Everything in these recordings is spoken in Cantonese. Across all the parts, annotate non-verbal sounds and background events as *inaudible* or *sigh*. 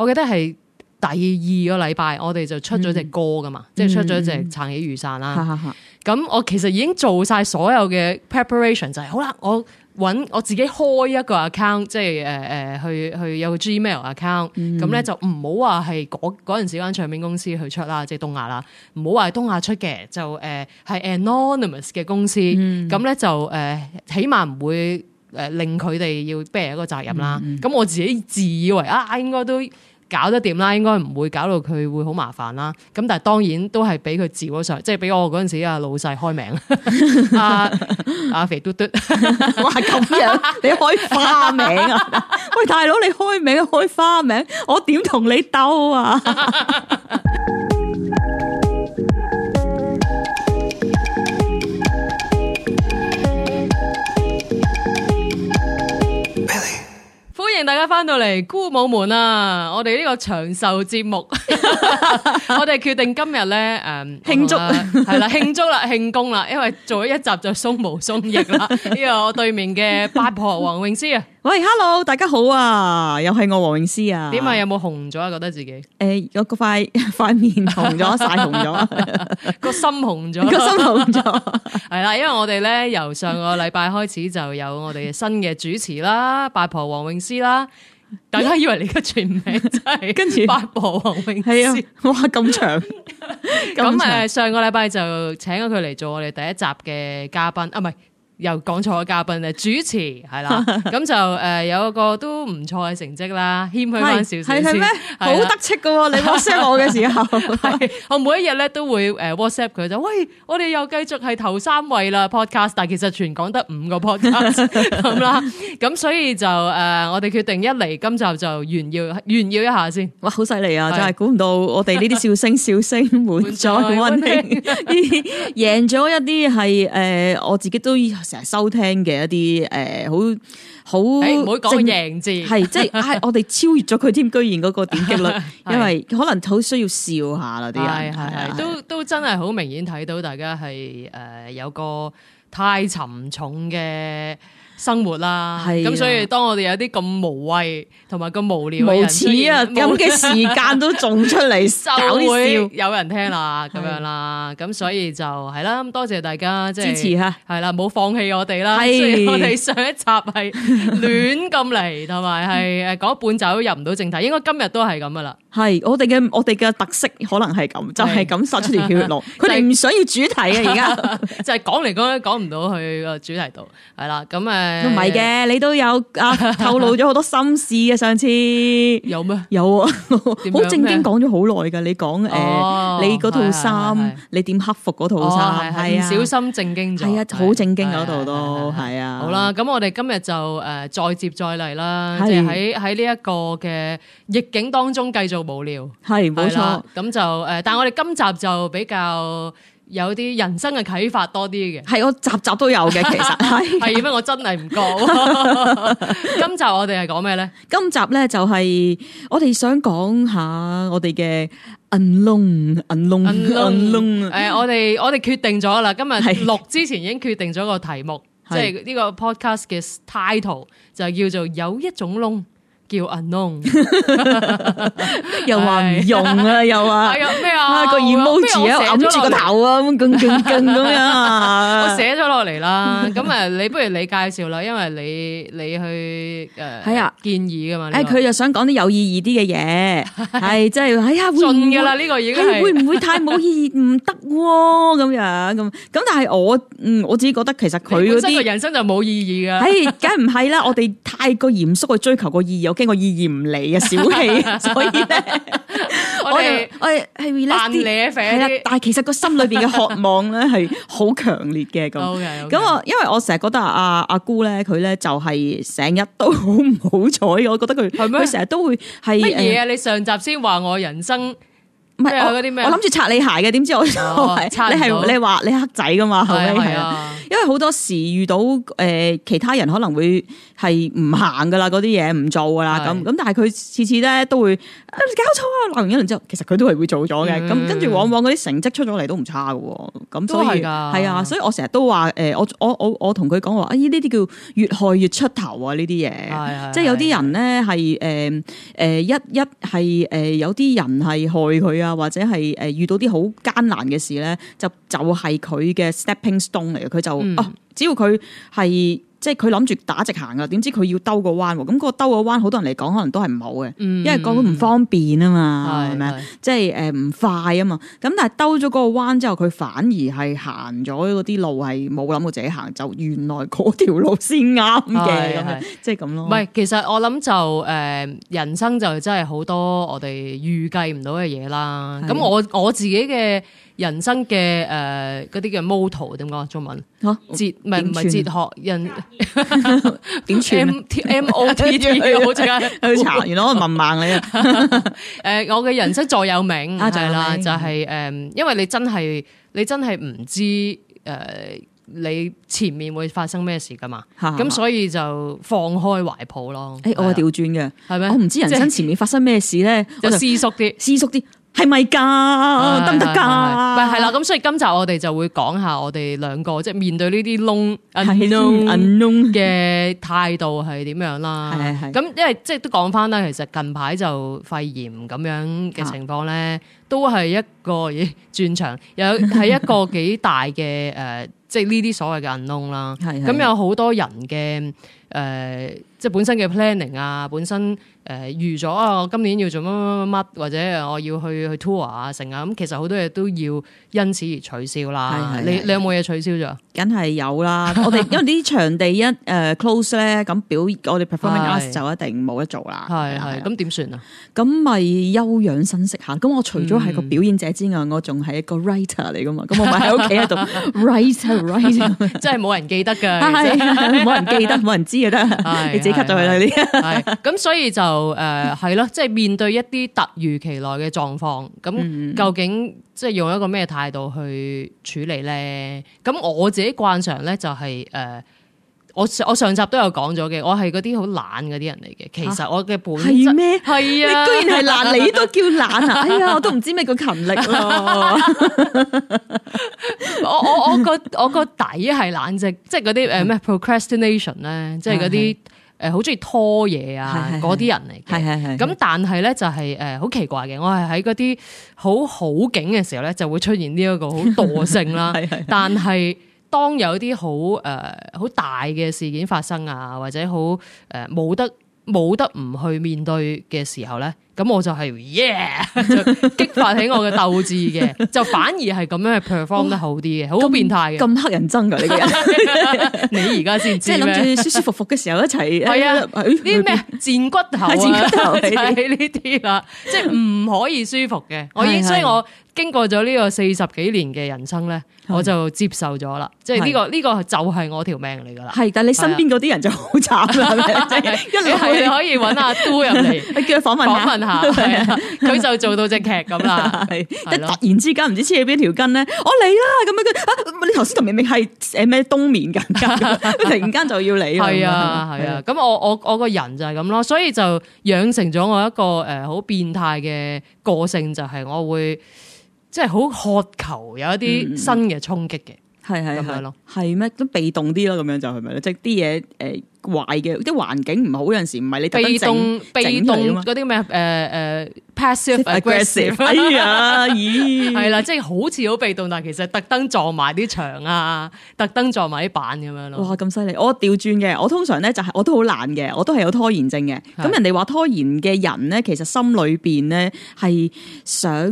我記得係第二個禮拜，我哋就出咗隻歌噶嘛，嗯、即係出咗隻撐起雨傘啦。咁 *laughs* 我其實已經做晒所有嘅 preparation，就係好啦，我揾我自己開一個 account，即係誒誒去去有個 Gmail account、嗯。咁咧就唔好話係嗰嗰陣時間唱片公司去出啦，即、就、係、是、東亞啦，唔好話係東亞出嘅，就誒係、呃、anonymous 嘅公司。咁咧、嗯、就誒、呃，起碼唔會誒令佢哋要 bear 一個責任啦。咁、嗯嗯、我自己自以為啊，應該都。搞得掂啦，應該唔會搞到佢會好麻煩啦。咁但係當然都係俾佢照咗上，即係俾我嗰陣時啊老細開名 *laughs* *laughs* 啊阿肥嘟嘟，我哇咁樣你開花名啊？ *laughs* 喂大佬你開名開花名，我點同你鬥啊？ *laughs* 大家翻到嚟，姑母們啊，我哋呢個長壽節目， *laughs* 我哋決定今日咧，誒、嗯、慶祝係、啊、啦，慶祝啦，慶功啦，因為做咗一集就鬆毛鬆翼啦。呢個 *laughs* 我對面嘅八婆黃詠詩啊。喂，hello，大家好啊，又係我黃詠詩啊。點解有冇紅咗啊？覺得自己誒，我個塊塊面紅咗，晒紅咗，個 *laughs* *laughs* 心紅咗了，個心紅咗，係啦。因為我哋咧由上個禮拜開始就有我哋嘅新嘅主持啦， *laughs* 八婆黃詠詩啦。大家以為你嘅全名真係跟住八婆黃詠詩， *laughs* 著 *laughs* 哇咁長咁誒 *laughs* 長。上個禮拜就請咗佢嚟做我哋第一集嘅嘉賓啊，唔係。又講錯嘅嘉賓咧，主持係啦，咁就誒有一個都唔錯嘅成績啦，謙虛翻少少。係係咩？好得戚㗎喎，你 WhatsApp 我嘅時候，我每一日咧都會誒 WhatsApp 佢就，喂，我哋又繼續係頭三位啦 Podcast，但係其實全港得五個 Podcast 咁啦，咁所以就誒我哋決定一嚟今集就炫耀炫耀一下先。哇，好犀利啊！就係估唔到我哋呢啲小聲小聲滿載溫馨，贏咗一啲係誒我自己都。成日收聽嘅一啲誒，好好唔好講贏字，係即係我哋超越咗佢添，居然嗰個點擊率，因為可能好需要笑下啦啲人，係係都的都真係好明顯睇到大家係誒有個太沉重嘅。生活啦，咁、啊、所以當我哋有啲咁無謂同埋咁無聊，無恥啊，咁嘅時間都仲出嚟，收，會有人聽啦，咁、啊、樣啦，咁所以就係啦，多謝大家即係、就是、支持吓，係啦，冇放棄我哋啦，啊、所以我哋上一集係亂咁嚟，同埋係誒講半走入唔到正題，應該今日都係咁噶啦。係我哋嘅我哋嘅特色可能係咁，就係咁殺出條血路。佢哋唔想要主題啊，而家就係講嚟講去講唔到去個主題度，係啦。咁誒，唔係嘅，你都有啊透露咗好多心事啊。上次有咩？有啊，好正經講咗好耐噶。你講誒，你嗰套衫，你點克服嗰套衫？唔小心正經咗，係啊，好正經嗰度咯，係啊。好啦，咁我哋今日就誒再接再厲啦，即係喺喺呢一個嘅逆境當中繼續。無聊係冇錯，咁就誒，但係我哋今集就比較有啲人生嘅啟發多啲嘅。係我集集都有嘅，其實係。係乜？我真係唔講。今集我哋係講咩咧？今集咧就係我哋想講下我哋嘅 unknown、unknown、unknown。誒，我哋我哋決定咗啦，今日錄之前已經決定咗個題目，即係呢個 podcast 嘅 title 就叫做有一種窿。叫 unknown，又話唔用啊，又話係啊咩啊個 emoji 住啊，揞住個頭啊，咁咁咁咁樣啊，我寫咗落嚟啦。咁啊，你不如你介紹啦，因為你你去誒係啊建議噶嘛。誒，佢就想講啲有意義啲嘅嘢，係真係，哎呀，盡噶啦呢個已經係會唔會太冇意義唔得喎？咁樣咁咁，但係我嗯我自己覺得其實佢呢個人生就冇意義噶，係梗唔係啦。我哋太過嚴肅去追求個意義。驚我意言唔嚟啊，小氣 *laughs* 所以咧，我哋我哋係 relax 啲，係啦。但係其實個心裏邊嘅渴望咧，係好強烈嘅咁。咁我因為我成日覺得阿阿姑咧，佢咧就係成日都好唔好彩。我覺得佢係咪？佢成日都會係乜嘢啊？你上集先話我人生唔係嗰啲咩？我諗住拆你鞋嘅，點知我、就是哦、拆你係你話你黑仔噶嘛？係 *laughs* 啊。因為好多時遇到誒其他人可能會係唔行噶啦，嗰啲嘢唔做噶啦，咁咁但係佢次次咧都會搞錯啊鬧完一輪之後，其實佢都係會做咗嘅。咁跟住往往嗰啲成績出咗嚟都唔差噶。咁所以噶，係啊，所以我成日都話誒，我我我我同佢講話啊，呢啲叫越害越出頭啊，呢啲嘢。即係有啲人咧係誒誒一一係誒有啲人係害佢啊，或者係誒遇到啲好艱難嘅事咧，就就係佢嘅 stepping stone 嚟嘅，佢就。哦，只要佢係即係佢諗住打直行㗎，點知佢要兜個彎喎？咁、那、嗰個兜個彎，好多人嚟講可能都係唔好嘅，因為覺得唔方便啊嘛，係咪？即係誒唔快啊嘛。咁但係兜咗嗰個彎之後，佢反而係行咗嗰啲路係冇諗過自己行，就原來嗰條路先啱嘅，即係咁咯。唔係，其實我諗就誒、呃，人生就真係好多我哋預計唔到嘅嘢啦。咁是的 我我自己嘅。人生嘅誒嗰啲叫 m o t o 點講中文？哲唔係唔係哲學，人點傳？M T M O T 好似，而家查原來我問盲你啊！誒，我嘅人生座右銘，就係啦，就係誒，因為你真係你真係唔知誒，你前面會發生咩事噶嘛？咁所以就放開懷抱咯。誒，我係調轉嘅，係咪？我唔知人生前面發生咩事咧，就思縮啲，思縮啲。係咪噶得唔得噶？唔係係啦，咁所以今集我哋就會講下我哋兩個即係面對呢啲窿啊 UNKNOWN 嘅態度係點樣啦。咁因為即係都講翻啦，其實近排就肺炎咁樣嘅情況咧，啊、都係一個嘢轉 *laughs* 場，有喺一個幾大嘅誒。 *laughs* 即係呢啲所謂嘅 unknown 啦，咁有好多人嘅誒、呃，即係本身嘅 planning 啊，本身誒、呃、預咗啊，我今年要做乜乜乜乜或者我要去去 tour 啊，成啊，咁其實好多嘢都要因此而取消啦是。你你有冇嘢取消咗？梗係有啦，我哋因為呢啲場地一誒 close 咧、 *laughs* 呃，咁表我哋 performing arts 就一定冇得做啦。係係，咁點算啊？咁咪休養生息下。咁我除咗係個表演者之外，我仲係一個 writer 嚟噶嘛。咁我咪喺屋企喺度 writer。 *laughs* 真係冇人記得㗎，冇、 *laughs* 啊、人記得，冇人知㗎！得 *laughs* 的你自己吸咗佢啦啲。咁 *laughs* 所以就誒係咯，即、呃、係面對一啲突如其來嘅狀況，咁究竟即係用一個咩態度去處理咧？咁我自己慣常咧就係、是、誒。呃我我上集都有講咗嘅，我係嗰啲好懶嗰啲人嚟嘅。其實我嘅本質咩？係啊！係啊你居然係懶，懶你都叫懶啊！ *laughs* 哎呀，我都唔知咩叫勤力咯 *laughs* *laughs* 我。我我我個我個底係懶靜，即、就、係、係、嗰啲誒咩 procrastination 咧、啊，即係嗰啲誒好中意拖嘢啊嗰啲人嚟嘅。係係係。咁但係咧就係誒好奇怪嘅，我係喺嗰啲好好景嘅時候咧就會出現呢一個好惰性啦。係係係係但係。當有啲好誒好大嘅事件發生啊，或者好誒冇得冇得唔去面對嘅時候咧，咁我就係耶！「Yeah」就激發起我嘅鬥志嘅， *laughs* 就反而係咁樣去 perform 得好啲嘅，好變態嘅，咁乞人憎噶呢個人，你而家先知，即係諗住舒舒服服嘅時候一齊係啊，呢啲咩賤骨頭啊，係呢啲啦，即係唔可以舒服嘅，我依所以我。 *laughs* 經過咗呢個四十幾年嘅人生咧，我就接受咗啦。即係呢個呢個就係我條命嚟噶啦。係，但係你身邊嗰啲人就好慘啦。一係你可以揾阿都入嚟，叫佢訪問訪問下，佢就做到隻劇咁啦。突然之間唔知黐咗邊條筋咧，我嚟啦咁樣，你頭先同明明係寫咩冬眠緊㗎，突然間就要嚟。係啊係啊，咁我我我個人就係咁咯，所以就養成咗我一個誒好變態嘅個性，就係我會。即係好渴求有一啲新嘅衝擊嘅。係係係咯，係咩？都被動啲咯，咁樣就係咪即係啲嘢，誒壞嘅，啲環境唔好，有陣時唔係你被動被動嗰啲咩？誒誒，Passive Aggressive，哎呀咦，係啦，即係好似好被動，但係其實特登撞埋啲牆啊，特登撞埋啲板咁樣咯。哇，咁犀利！我調轉嘅，我通常咧就係我都好懶嘅，我都係有拖延症嘅。咁人哋話拖延嘅人咧，其實心裏邊咧係想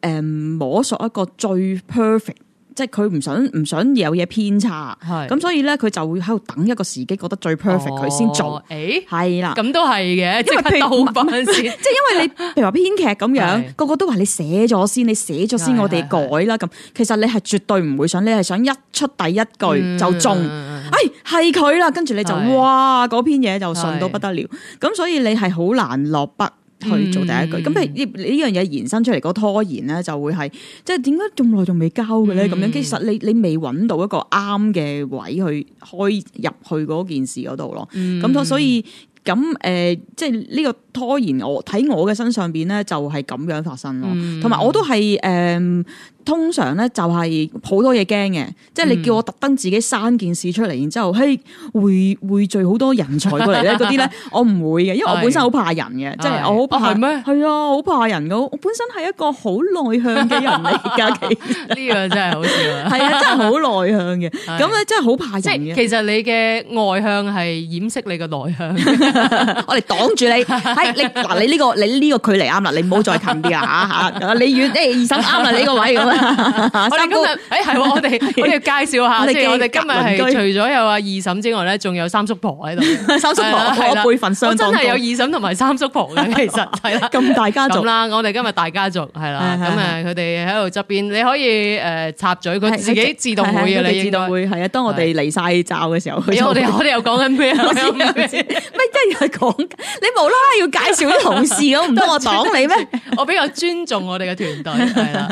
誒摸索一個最 perfect。即係佢唔想唔想有嘢偏差，咁所以咧佢就會喺度等一個時機，覺得最 perfect 佢先做。誒，係啦，咁都係嘅，因係譬如導片，即係因為你譬如話編劇咁樣，個個都話你寫咗先，你寫咗先我哋改啦。咁其實你係絕對唔會想，你係想一出第一句就中，哎係佢啦，跟住你就哇嗰篇嘢就順到不得了，咁所以你係好難落筆，去做第一句，咁係你呢樣嘢延伸出嚟嗰拖延咧，就會係即係點解仲耐仲未交嘅咧？咁樣、嗯、其實你你未揾到一個啱嘅位去開入去嗰件事嗰度咯。咁、嗯、所以咁誒，即係呢個拖延我喺我嘅身上邊咧，就係咁樣發生咯。同埋、嗯、我都係誒。呃通常咧就係好多嘢驚嘅，即係你叫我特登自己生件事出嚟，然之後，嘿會會聚好多人才過嚟咧嗰啲咧，我唔會嘅，因為我本身好怕人嘅，即係我好怕。係咩？係啊，好怕人嘅，我本身係一個好內向嘅人嚟。家琪呢個真係好笑啊！係啊，真係好內向嘅，咁咧真係好怕人嘅。其實你嘅外向係掩飾你嘅內向，我哋擋住你。係你嗱，你呢個你呢個距離啱啦，你唔好再近啲啊！嚇嚇，你遠，誒二嫂啱啦，呢個位。我哋今日誒係我哋我哋要介紹下，即係我哋今日係除咗有阿二嬸之外咧，仲有三叔婆喺度。三叔婆係啦，輩分相當高，真係有二嬸同埋三叔婆嘅。其實係啦，咁大家族啦，我哋今日大家族係啦，咁誒佢哋喺度側邊，你可以誒插嘴，佢自己自動會嘅，你自動會係啊。當我哋嚟晒罩嘅時候，咦？我哋我哋又講緊咩啊？唔係真係講，你無啦啦要介紹啲同事，咁唔得我講你咩？我比較尊重我哋嘅團隊，係啦。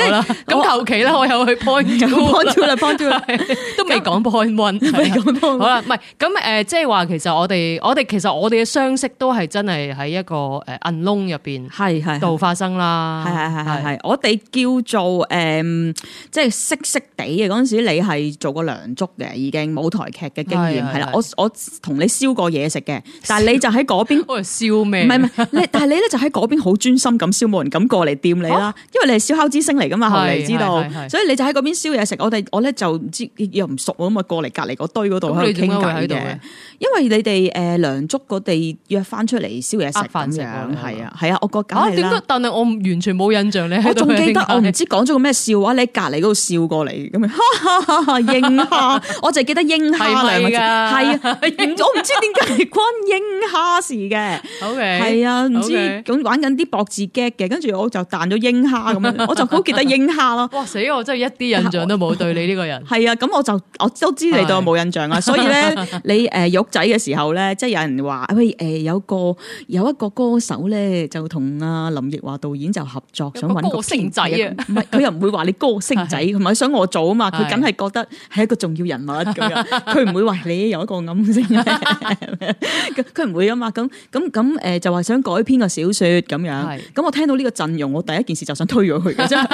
好啦，咁求其啦，我又去 point 咗，point 咗嚟，point 咗嚟，都未講 point one，未講 point。好啦，唔係咁誒，即係話其實我哋，我哋其實我哋嘅相識都係真係喺一個誒 unknown 入邊係係度發生啦，係係係係係，我哋叫做誒，即係識識地嘅嗰陣時，你係做過梁祝嘅，已經舞台劇嘅經驗係啦，我我同你燒過嘢食嘅，但係你就喺嗰邊燒咩？唔係唔係，你但係你咧就喺嗰邊好專心咁燒，冇人敢過嚟掂你啦，因為你係燒烤之星嚟。咁啊，後嚟知道，所以你就喺嗰邊燒嘢食。我哋我咧就唔知又唔熟，咁啊過嚟隔離嗰堆嗰度去傾偈嘅。因為你哋誒梁祖嗰地約翻出嚟燒嘢食咁樣，係啊係啊，我個嚇點解？但係我完全冇印象咧。我仲記得我唔知講咗個咩笑話，你喺隔離嗰度笑過嚟咁啊，鷹蝦，我就記得鷹蝦嚟嘅，係啊，我唔知點解關鷹蝦事嘅。OK，係啊，唔知咁玩緊啲博字 game 嘅，跟住我就彈咗鷹蝦咁，我就好記得。應下咯！哇死我真係一啲印象都冇，對你呢個人係啊，咁我就我都知你對我冇印象啊，所以咧你誒玉仔嘅時候咧，即係有人話喂誒有個有一個歌手咧就同阿林奕華導演就合作，想搵個星仔啊，唔係佢又唔會話你歌星仔，同埋想我做啊嘛，佢梗係覺得係一個重要人物咁樣，佢唔會話你有一個暗星，佢佢唔會啊嘛，咁咁咁誒就話想改編個小說咁樣，咁我聽到呢個陣容，我第一件事就想推咗佢嘅啫。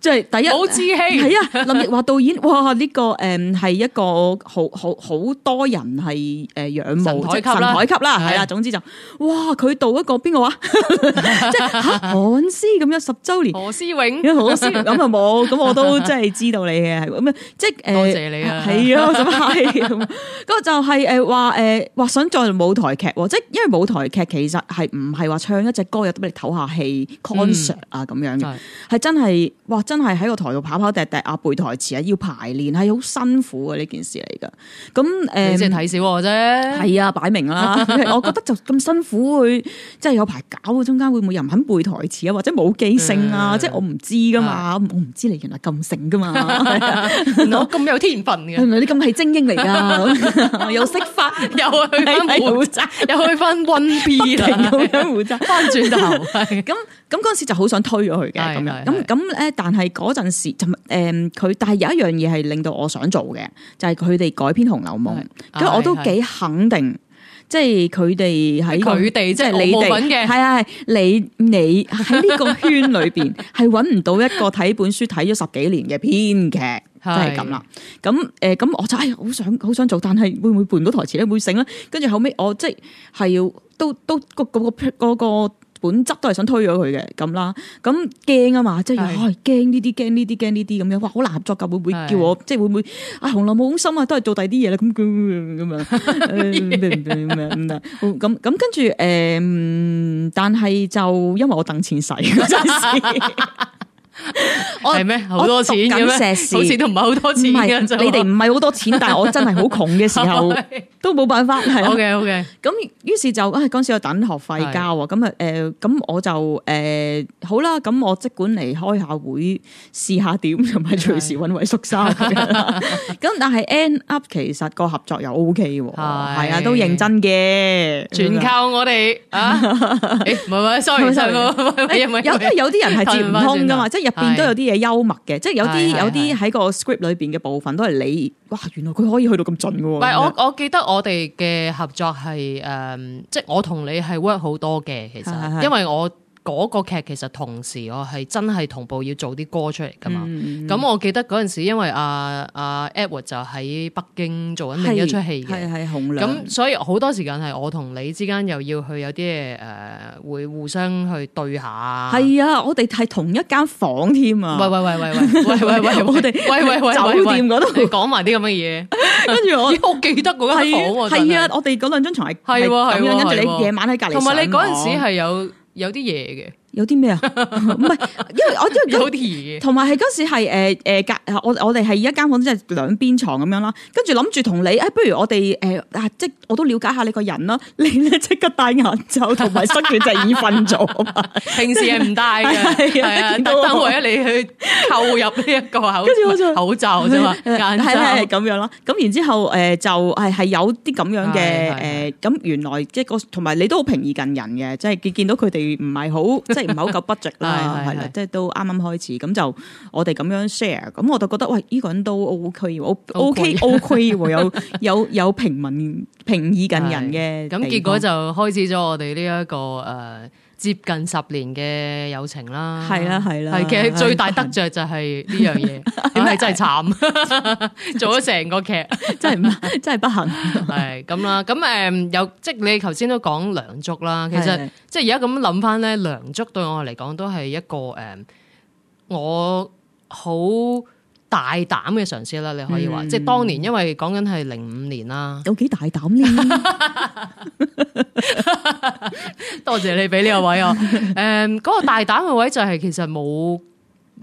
即係第一，好志氣！係啊！林奕華導演，哇呢個誒係一個好好好多人係誒仰慕即係神台級啦，係啦。總之就哇，佢導一個邊個話，即係何詩咁樣，十周年何詩永，何詩永咁啊，冇咁我都真係知道你嘅，係咁即係誒多謝你啊，係啊，咁係咁啊就係誒話誒話想做舞台劇，即係因為舞台劇其實係唔係話唱一隻歌，有得俾你唞下氣 concert 啊咁樣嘅，係真係。哇！真係喺個台度跑跑掟掟，啊，背台詞啊，要排練係好辛苦啊！呢件事嚟噶，咁誒，即係睇小我啫，係啊，擺明啦。我覺得就咁辛苦會，即係有排搞，中間會唔會又唔肯背台詞啊，或者冇記性啊？即係我唔知噶嘛，我唔知你原來咁醒噶嘛，我咁有天分嘅，原來你咁係精英嚟噶，又識翻，又去翻舞台，又去翻 B 片咁樣，翻轉頭，咁咁嗰陣時就好想推咗佢嘅，咁樣咁。咁咧、嗯，但係嗰陣時，誒，佢但係有一樣嘢係令到我想做嘅是，就係佢哋改編《紅樓夢》，咁我都幾肯定，即係佢哋喺佢哋，即係你哋，係啊係，你你喺呢個圈裏邊係搵唔到一個睇本書睇咗十幾年嘅編劇，即係咁啦。咁、欸、誒，咁我就哎好想好想做，但係會唔會換唔到台詞咧？會醒啦，跟住後尾，我即係要都都嗰嗰個個。本質都係想推咗佢嘅咁啦，咁驚啊嘛，是的 即係驚呢啲，驚呢啲，驚呢啲咁樣，哇，好難合作噶，會唔會叫我是的 即係會唔會啊？紅樓冇咁心啊，都係做第啲嘢啦，咁咁咁，跟住誒，但係就因為我等錢使陣時。我係咩？好多錢嘅，好似都唔係好多錢。你哋唔係好多錢，但係我真係好窮嘅時候，都冇辦法。Ok，Ok，咁於是就，唉，嗰時有等學費交啊。咁啊，誒，咁我就誒好啦。咁我即管嚟開下會，試下點，同埋隨時搵位縮沙。咁但係 end up 其實個合作又 O K，係啊，都認真嘅。全靠我哋啊！唔係唔係，sorry sorry，有啲人係接唔通噶嘛，即入邊都有啲嘢幽默嘅。的即係有啲的有啲喺個 script 裏邊嘅部分都係你。的哇！原來佢可以去到咁盡嘅喎，唔係是樣我我記得我哋嘅合作係誒、呃，即係我同你係 work 好多嘅，其實是的是的因為我。嗰個劇其實同時我係真係同步要做啲歌出嚟㗎嘛，咁我記得嗰陣時，因為阿阿 Edward 就喺北京做緊另一出戲嘅，係係紅亮，咁所以好多時間係我同你之間又要去有啲誒，會互相去對下。係啊，我哋係同一間房添啊！喂喂喂喂喂喂喂，我哋喂喂喂酒店嗰度講埋啲咁嘅嘢，跟住我記得嗰間房係啊，我哋嗰兩張床係係喎係咁樣，跟住你夜晚喺隔離同埋你嗰陣時係有。有啲嘢嘅。 *laughs* 有啲咩啊？唔係，因為我因為有啲，同埋係嗰時係誒誒我、呃、我哋係一間房，即係兩邊床咁樣啦。跟住諗住同你，誒，不如我哋誒，即我都了解下你個人啦。你咧即刻戴眼罩同埋塞軟墊瞓咗。平時係唔戴嘅，係啊的，特登為咗的你去購入呢一個口罩，跟住好似口罩啫嘛，眼罩咁樣咯。咁然之後誒、呃、就係係有啲咁樣嘅誒，咁的的原來即係個同埋你都好平易近人嘅，即係見到佢哋唔係好即。 *laughs* *laughs* 唔係好夠 budget 啦，係啦，即係都啱啱開始，咁就我哋咁樣 share，咁我就覺得，喂，依、呢個人都 OK 喎 OK, *laughs* ，OK OK 喎， *laughs* 有有有平民平易近人嘅，咁 *laughs* 結果就開始咗我哋呢一個誒。Uh, 接近十年嘅友情啦，係啦係啦，係、啊啊、其實最大得着就係呢樣嘢，點係真係慘，做咗成個劇，真係真係不幸，係咁啦，咁誒有即係你頭先都講梁祝啦，其實的即係而家咁諗翻咧，梁祝對我嚟講都係一個誒、嗯，我好。大膽嘅嘗試啦，你可以話，嗯、即係當年因為講緊係零五年啦，有幾大膽咧？多 *laughs* 謝，謝你俾呢個位啊！誒、 *laughs* 嗯，嗰、嗰個大膽嘅位就係其實冇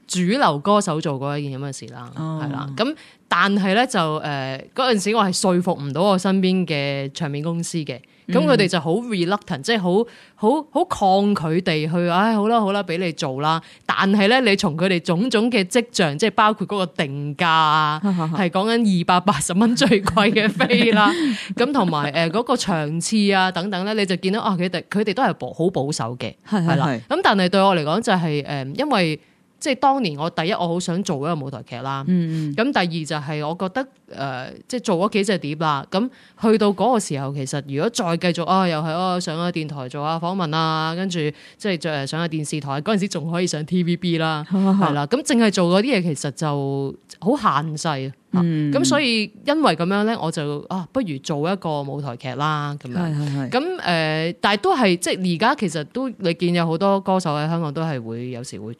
主流歌手做過一件咁嘅事啦，係啦、哦。咁但係咧就誒，嗰、呃、陣時我係說服唔到我身邊嘅唱片公司嘅。咁佢哋就好 reluctant，即係好好好抗拒地去，唉，好啦好啦，俾你做啦。但係咧，你從佢哋種種嘅跡象，即係包括嗰個定價，係講緊二百八十蚊最貴嘅飛啦。咁同埋誒嗰個場次啊等等咧，你就見到啊，佢哋佢哋都係保好保守嘅，係係 *laughs* 啦。咁但係對我嚟講就係誒，因為。即係當年我第一，我好想做一個舞台劇啦。咁、嗯、第二就係我覺得誒、呃，即係做嗰幾隻碟啦。咁去到嗰個時候，其實如果再繼續啊，又係、啊、上啊電台做下訪問啊，跟住即係上下電視台嗰陣時，仲可以上 TVB 啦，係、啊、哈啦。咁淨係做嗰啲嘢，其實就好限制。咁、啊、所以因為咁樣呢，我就啊不如做一個舞台劇啦。咁樣咁誒、嗯嗯呃，但係都係即係而家其實都你見有好多歌手喺香港都係會有時會。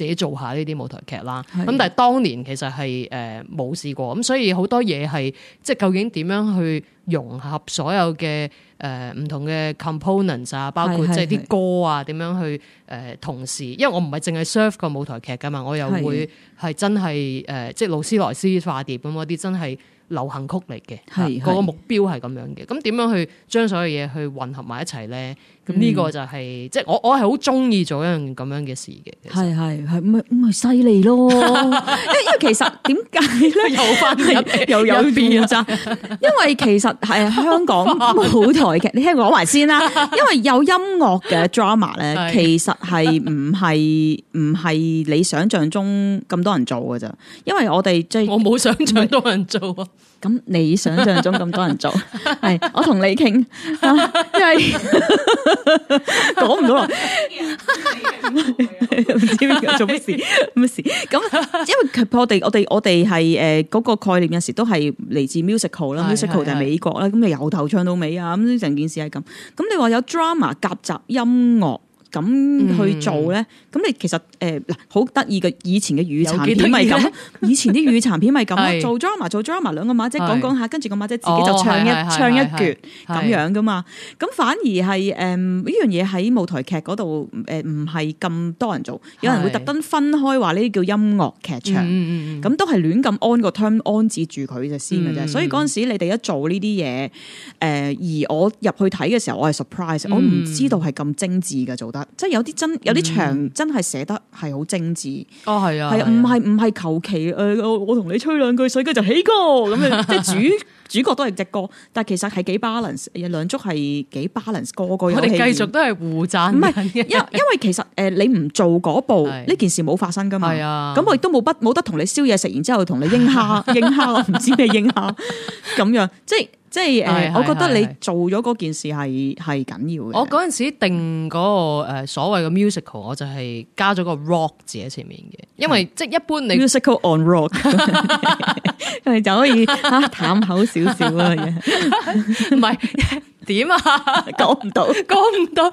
自己做下呢啲舞台劇啦，咁是的 但係當年其實係誒冇試過，咁所以好多嘢係即係究竟點樣去融合所有嘅誒唔同嘅 components 啊，包括即係啲歌啊，點樣去誒、呃、同時，因為我唔係淨係 serve 個舞台劇噶嘛，我又會係真係誒、呃、即係勞斯萊斯化蝶咁嗰啲真係流行曲嚟嘅，係係是的、啊，那個目標係咁樣嘅，咁點是的 樣去將所有嘢去混合埋一齊咧？呢個就係即係我我係好中意做一樣咁樣嘅事嘅，係係係，唔係唔係犀利咯，因為其實點解咧？ *laughs* 又翻入 *laughs* 又有變嘅咋？因為其實係香港舞台劇， *laughs* 你聽我講埋先啦。因為有音樂嘅 drama 咧， *laughs* 其實係唔係唔係你想象中咁多人做嘅啫。因為我哋即係我冇想象多人做是。啊。 *laughs* 咁你想象中咁多人做，係 *laughs* 我同你傾，因為講唔到落，唔知做咩事，咩事？咁因為我哋我哋我哋係誒嗰個概念有時都係嚟自 musical 啦，musical 就係美國啦，咁就由對頭唱到尾啊，咁成件事係咁。咁你話有 drama 夾雜音樂？咁去做咧？咁你其實誒嗱，好得意嘅，以前嘅粵殘片咪咁，以前啲粵殘片咪咁做 drama 做 join 埋兩個孖仔講講下，跟住個孖仔自己就唱一唱一厥，咁樣噶嘛。咁反而係誒呢樣嘢喺舞台劇度誒唔係咁多人做，有人會特登分開話呢啲叫音樂劇場，咁都係亂咁安個 turn 安置住佢就先嘅啫。所以陣時你哋一做呢啲嘢誒，而我入去睇嘅時候，我係 surprise，我唔知道係咁精致嘅做得。即係有啲真，有啲長真係寫得係好精致哦，係啊，係啊，唔係唔係求其誒，我同你吹兩句水 g u 就起歌咁樣，即係主 *laughs* 主角都係隻歌，但係其實係幾 balance，兩足係幾 balance，個個有戲。我哋繼續都係互讚，唔係因為因為其實誒，你唔做嗰部呢件事冇發生噶嘛，係啊，咁我亦都冇不冇得同你宵夜食完之後同你應蝦應蝦，唔知咩應下，咁樣，即係。即即係誒，我覺得你做咗嗰件事係係緊要嘅。我嗰陣時定嗰個誒所謂嘅 musical，我就係加咗個 rock 字喺前面嘅，因為即係一般你 musical on rock，佢 *laughs* *laughs* 就可以吓淡口少少啦，唔係。點啊？講唔到，講唔到。誒，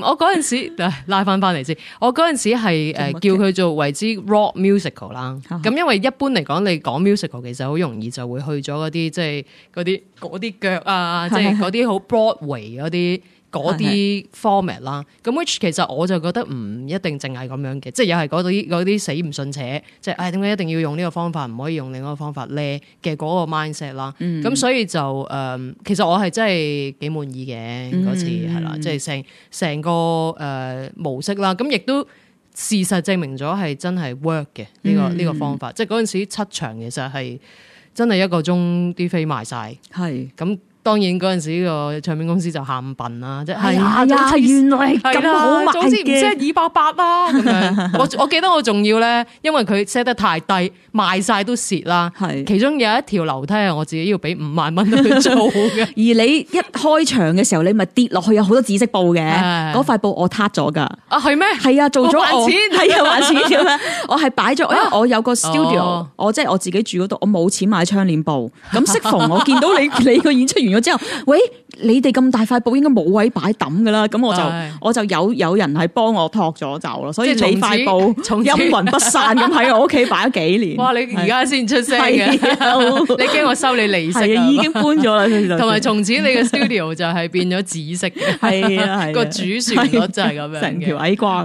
我嗰陣時，拉翻翻嚟先。我嗰陣時係誒叫佢做為之 rock musical 啦。咁因為一般嚟講，你講 musical 其實好容易就會去咗嗰啲即係嗰啲嗰啲腳啊， *laughs* 即係嗰啲好 Broadway 嗰啲。 *laughs* 嗰啲 format 啦，咁 which 的其實我就覺得唔一定淨係咁樣嘅，的即係又係嗰啲嗰啲死唔信邪，即係唉點解一定要用呢個方法，唔可以用另一個方法咧嘅嗰個 mindset 啦、嗯。咁所以就誒、呃、其實我係真係幾滿意嘅嗰、嗯、次係啦，即係成成個誒、呃、模式啦。咁亦都事實證明咗係真係 work 嘅呢、嗯這個呢、這個方法。嗯、即係嗰陣時七場其實係真係一個鐘啲飛賣晒，係咁。當然嗰陣時個唱片公司就喊笨啦，即係啊，原來係咁好賣嘅，好似唔知二百八啦咁樣。我我記得我仲要咧，因為佢 set 得太低，賣晒都蝕啦。係其中有一條樓梯係我自己要俾五萬蚊去做嘅。而你一開場嘅時候，你咪跌落去有好多紫色布嘅嗰塊布，我撻咗㗎。啊係咩？係啊，做咗我還錢，係啊，還錢我係擺咗，我我有個 studio，我即係我自己住嗰度，我冇錢買窗簾布。咁適逢我見到你，你個演出完。咁之後，喂，你哋咁大塊布應該冇位擺揼噶啦，咁我就我就有有人係幫我托咗走咯，所以你塊布從此陰魂不散咁喺我屋企擺咗幾年。哇！你而家先出聲你驚我收你利息？已經搬咗啦，同埋從此你嘅 studio 就係變咗紫色，係啊，個主旋律就係咁樣，成條矮瓜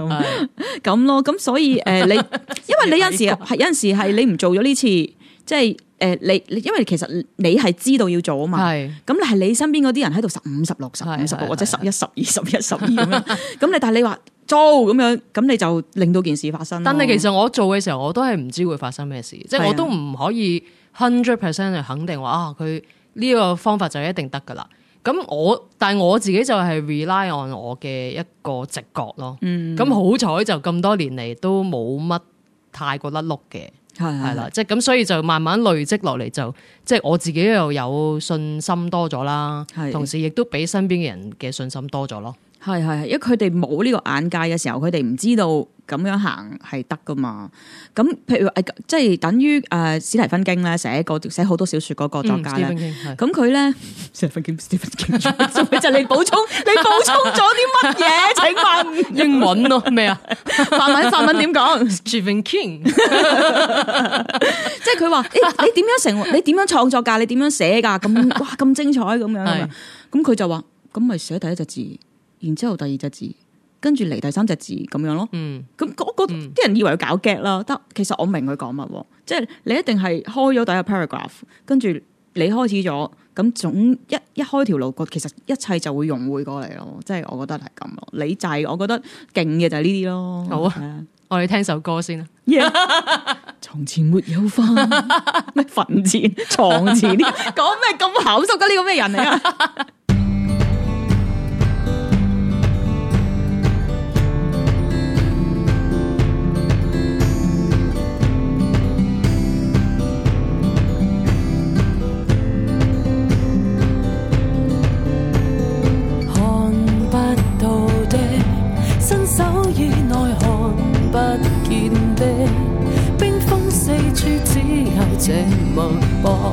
咁咯。咁所以誒，你因為你有陣時有陣時係你唔做咗呢次，即係。誒、呃，你因為其實你係知道要做啊嘛，咁你係你身邊嗰啲人喺度十五十六十五十六或者十一十二十一十二，咁你但係你話做咁樣，咁你就令到件事發生。但係其實我做嘅時候，我都係唔知會發生咩事，即係的我都唔可以 hundred percent 肯定話啊，佢呢個方法就一定得㗎喇。咁我但係我自己就係 rely on 我嘅一個直覺咯。咁、嗯、好彩就咁多年嚟都冇乜太過甩碌嘅。係係啦，即係咁，所以就慢慢累積落嚟，就即係我自己又有信心多咗啦，是的 同時亦都俾身邊嘅人嘅信心多咗咯。係係，是是，因為佢哋冇呢個眼界嘅時候，佢哋唔知道咁樣行係得噶嘛。咁譬如，誒、呃，即係等於誒、呃、史提芬京咧，寫個寫好多小說嗰個作家咧。咁佢咧史，就你補充？你補充咗啲乜嘢？請問英文咯咩啊？ *laughs* 法文法文點講 *laughs* Stephen King。即係佢話誒，你點樣成？你點樣創作噶？你點樣寫噶？咁哇咁精彩咁樣。咁佢就話，咁咪寫第一隻字。 *noise* *laughs* *noise* *noise* *noise* *noise* *noise* *noise* 然之後第二隻字，跟住嚟第三隻字咁樣咯。嗯，咁我覺啲人以為佢搞夾啦，得其實我明佢講乜，即係你一定係開咗第一個 paragraph，跟住你開始咗，咁總一一開一條路過，其實一切就會融匯過嚟咯。即係我覺得係咁咯。你就係、是、我覺得勁嘅就係呢啲咯。好啊，我哋聽首歌先啦。Yeah, *laughs* 從前沒有花咩墳前床前，講咩咁口熟噶？呢、這個咩人嚟啊？這個 *laughs* 冰封四處，只有這脈搏，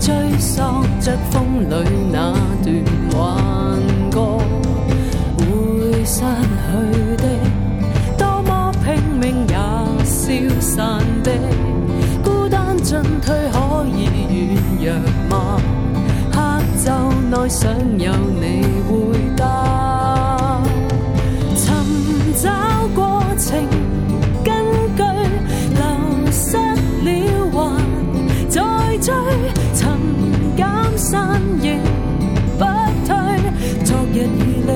追溯着風裏那段幻覺，會失去的，多麼拼命也消散的，孤單進退可以軟弱嗎？黑晝內想有你回答，尋找過。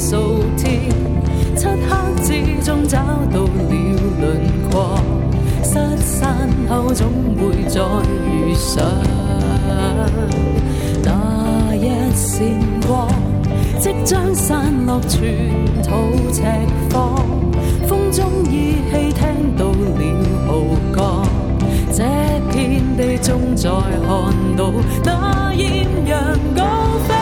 數天，漆黑之中找到了輪廓，失散後總會再遇上。那一線光，即將散落全土尺方，風中依稀聽到了號角。這片地終再看到那艷陽高飛。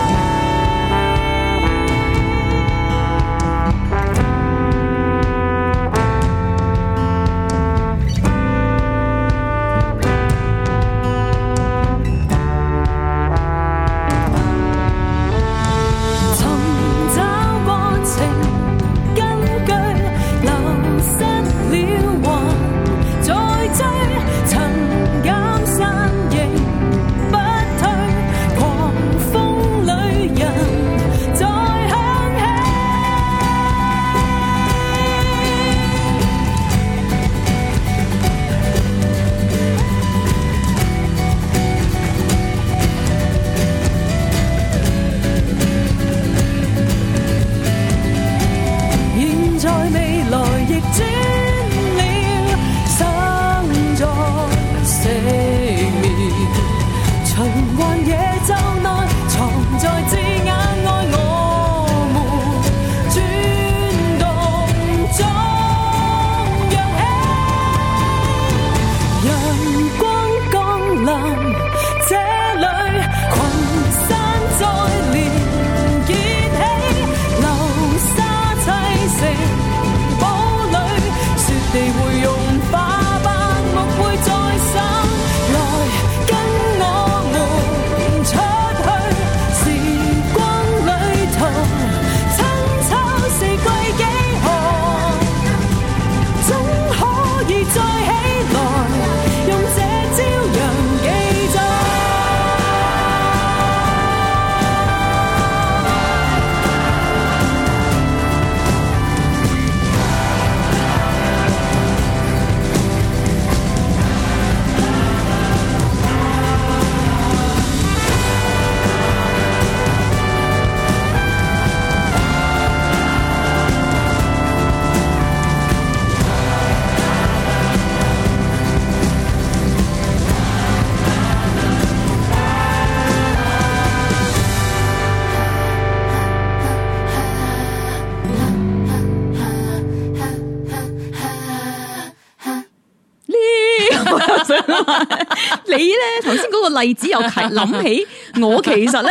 頭先嗰個例子又提諗起，我其實咧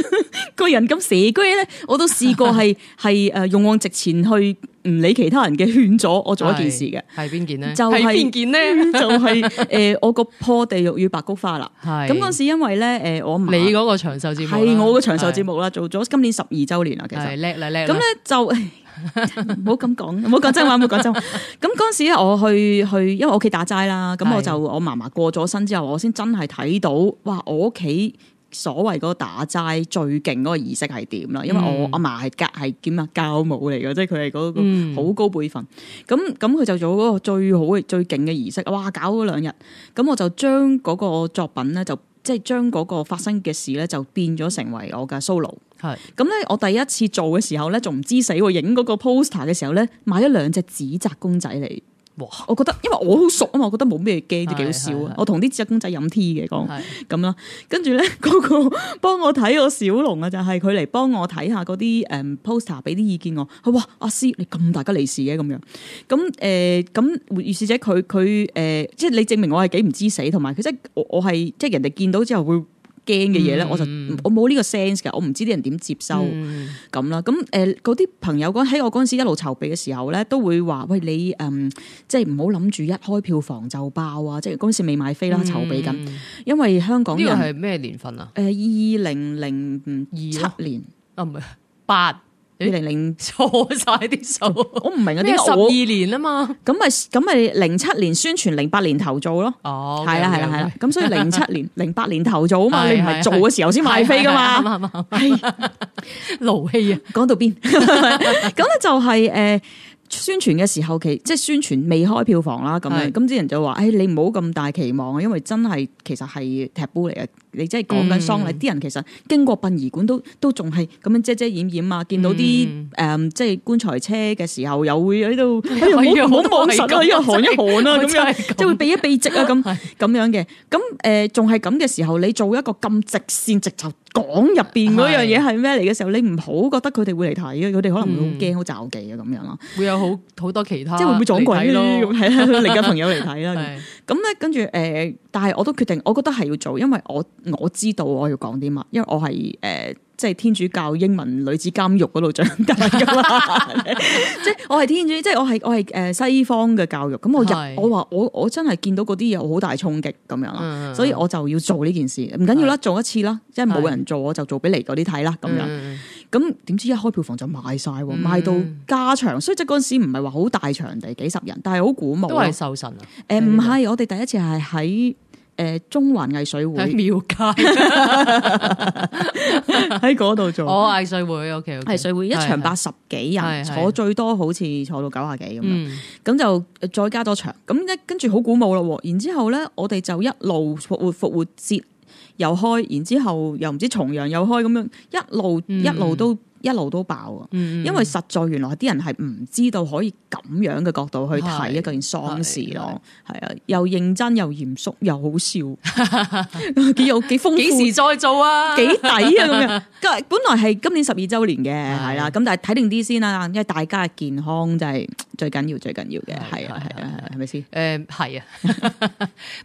*laughs* 個人咁死龜咧，我都試過係係誒，勇往直前去，唔理其他人嘅勸阻，我做一件事嘅，係邊件咧？就係邊件咧？就係誒，我個破地獄與白菊花啦。係咁嗰時，因為咧誒，我唔理嗰個長壽節目係我嘅長壽節目啦，是做咗今年十二周年啦，其實係叻啦叻。咁咧那就。 *laughs* 唔好咁講，唔好講真話，唔好講真話。咁嗰陣時咧，我去去，因為我屋企打齋啦，咁的我就我嫲嫲過咗身之後，我先真係睇到，哇！我屋企所謂嗰個打齋最勁嗰個儀式係點啦？因為我阿嫲係格係叫咩教母嚟嘅，即係佢係嗰個好高輩分。咁咁佢就做嗰個最好嘅最勁嘅儀式，哇！搞咗兩日，咁我就將嗰個作品咧就。即係將嗰個發生嘅事咧，就變咗成為我嘅 solo。係咁咧，我第一次做嘅時候咧，仲唔知死喎，影嗰個 poster 嘅時候咧，買咗兩隻紙紮公仔嚟。哇，我覺得，因為我好熟啊嘛，我覺得冇咩驚都幾好笑。是是是，我同啲仔公仔飲 tea 嘅講咁啦，跟住咧嗰個幫我睇個小龍，就是我 um, poster, 我啊，就係佢嚟幫我睇下嗰啲誒 poster，俾啲意見我。佢，哇阿師，你咁大吉利是嘅咁樣，咁誒咁於是者佢佢誒即係你證明我係幾唔知死，同埋佢即係我我係即係人哋見到之後會。驚嘅嘢咧，我就我冇呢個 sense 㗎，我唔知啲人點接收咁啦。咁誒、嗯，嗰啲，呃、朋友講喺我嗰陣時一路籌備嘅時候咧，都會話，喂，你誒、呃，即係唔好諗住一開票房就爆啊！即係嗰陣時未買飛啦，籌、嗯、備緊，因為香港呢個係咩年份啊？誒、呃，二零零七年啊，唔係、哦、八。二零零錯晒啲數， *music* 數 *laughs* 我唔明嗰啲十二年啊 *laughs* *laughs* 嘛，咁咪咁咪零七年宣傳，零八年投做咯，哦、呃，係啦係啦係啦，咁所以零七年零八年投做嘛，你唔係做嘅時候先賣飛㗎嘛，係勞氣啊，講到邊，咁咧就係誒。宣傳嘅時候，其即係宣傳未開票房啦，咁樣咁啲人就話：，誒，你唔好咁大期望啊，因為真係其實係踢波嚟嘅。你即係講緊喪禮，啲人其實經過殯儀館都都仲係咁樣遮遮掩掩啊，見到啲誒即係棺材車嘅時候，又會喺度，唔好唔好望實啊，一寒一寒啊，咁樣即係避一避席啊，咁咁樣嘅。咁誒，仲係咁嘅時候，你做一個咁直線直就。講入邊嗰樣嘢係咩嚟嘅時候，是的 你唔好覺得佢哋會嚟睇嘅，佢哋可能會好驚、好罩忌啊咁樣咯。會有好好多其他即會會，即係會唔會撞鬼嚟睇咯，對對對？睇下你嘅朋友嚟睇啦。咁咧跟住誒，但係我都決定，我覺得係要做，因為我我知道我要講啲乜，因為我係誒。呃即係天主教英文女子監獄嗰度長大噶啦，即係我係天主，即係我係我係誒西方嘅教育，咁我入是我話我我真係見到嗰啲嘢，好大衝擊咁樣、嗯、所以我就要做呢件事，唔緊要啦，做一次啦，即係冇人做我就做俾嚟嗰啲睇啦，咁樣，咁點是知一開票房就賣晒，賣，、嗯、賣到加場，所以即嗰陣時唔係話好大場地幾十人，但係好鼓舞，都係受神誒、啊，唔係、嗯嗯、我哋第一次係喺。誒，中環藝水會喺廟苗街，喺嗰度做。我藝水會，O K O K，藝水會一場八十幾人，是是是坐最多好似坐到九十幾咁樣，咁就再加多場。咁一跟住好鼓舞咯，然之後咧，我哋就一路復活復活節又開，然之後又唔知重陽又開咁樣，一路、嗯、一路都。一路都爆啊！因為實在原來啲人係唔知道可以咁樣嘅角度去睇一件喪事咯，係啊，又認真又嚴肅又好笑，幾有幾豐富。幾時再做啊？幾抵啊！咁樣，本本來係今年十二周年嘅，係啦。咁但係睇定啲先啦，因為大家嘅健康就係最緊要，最緊要嘅。係啊，係啊，係咪先？誒，係啊。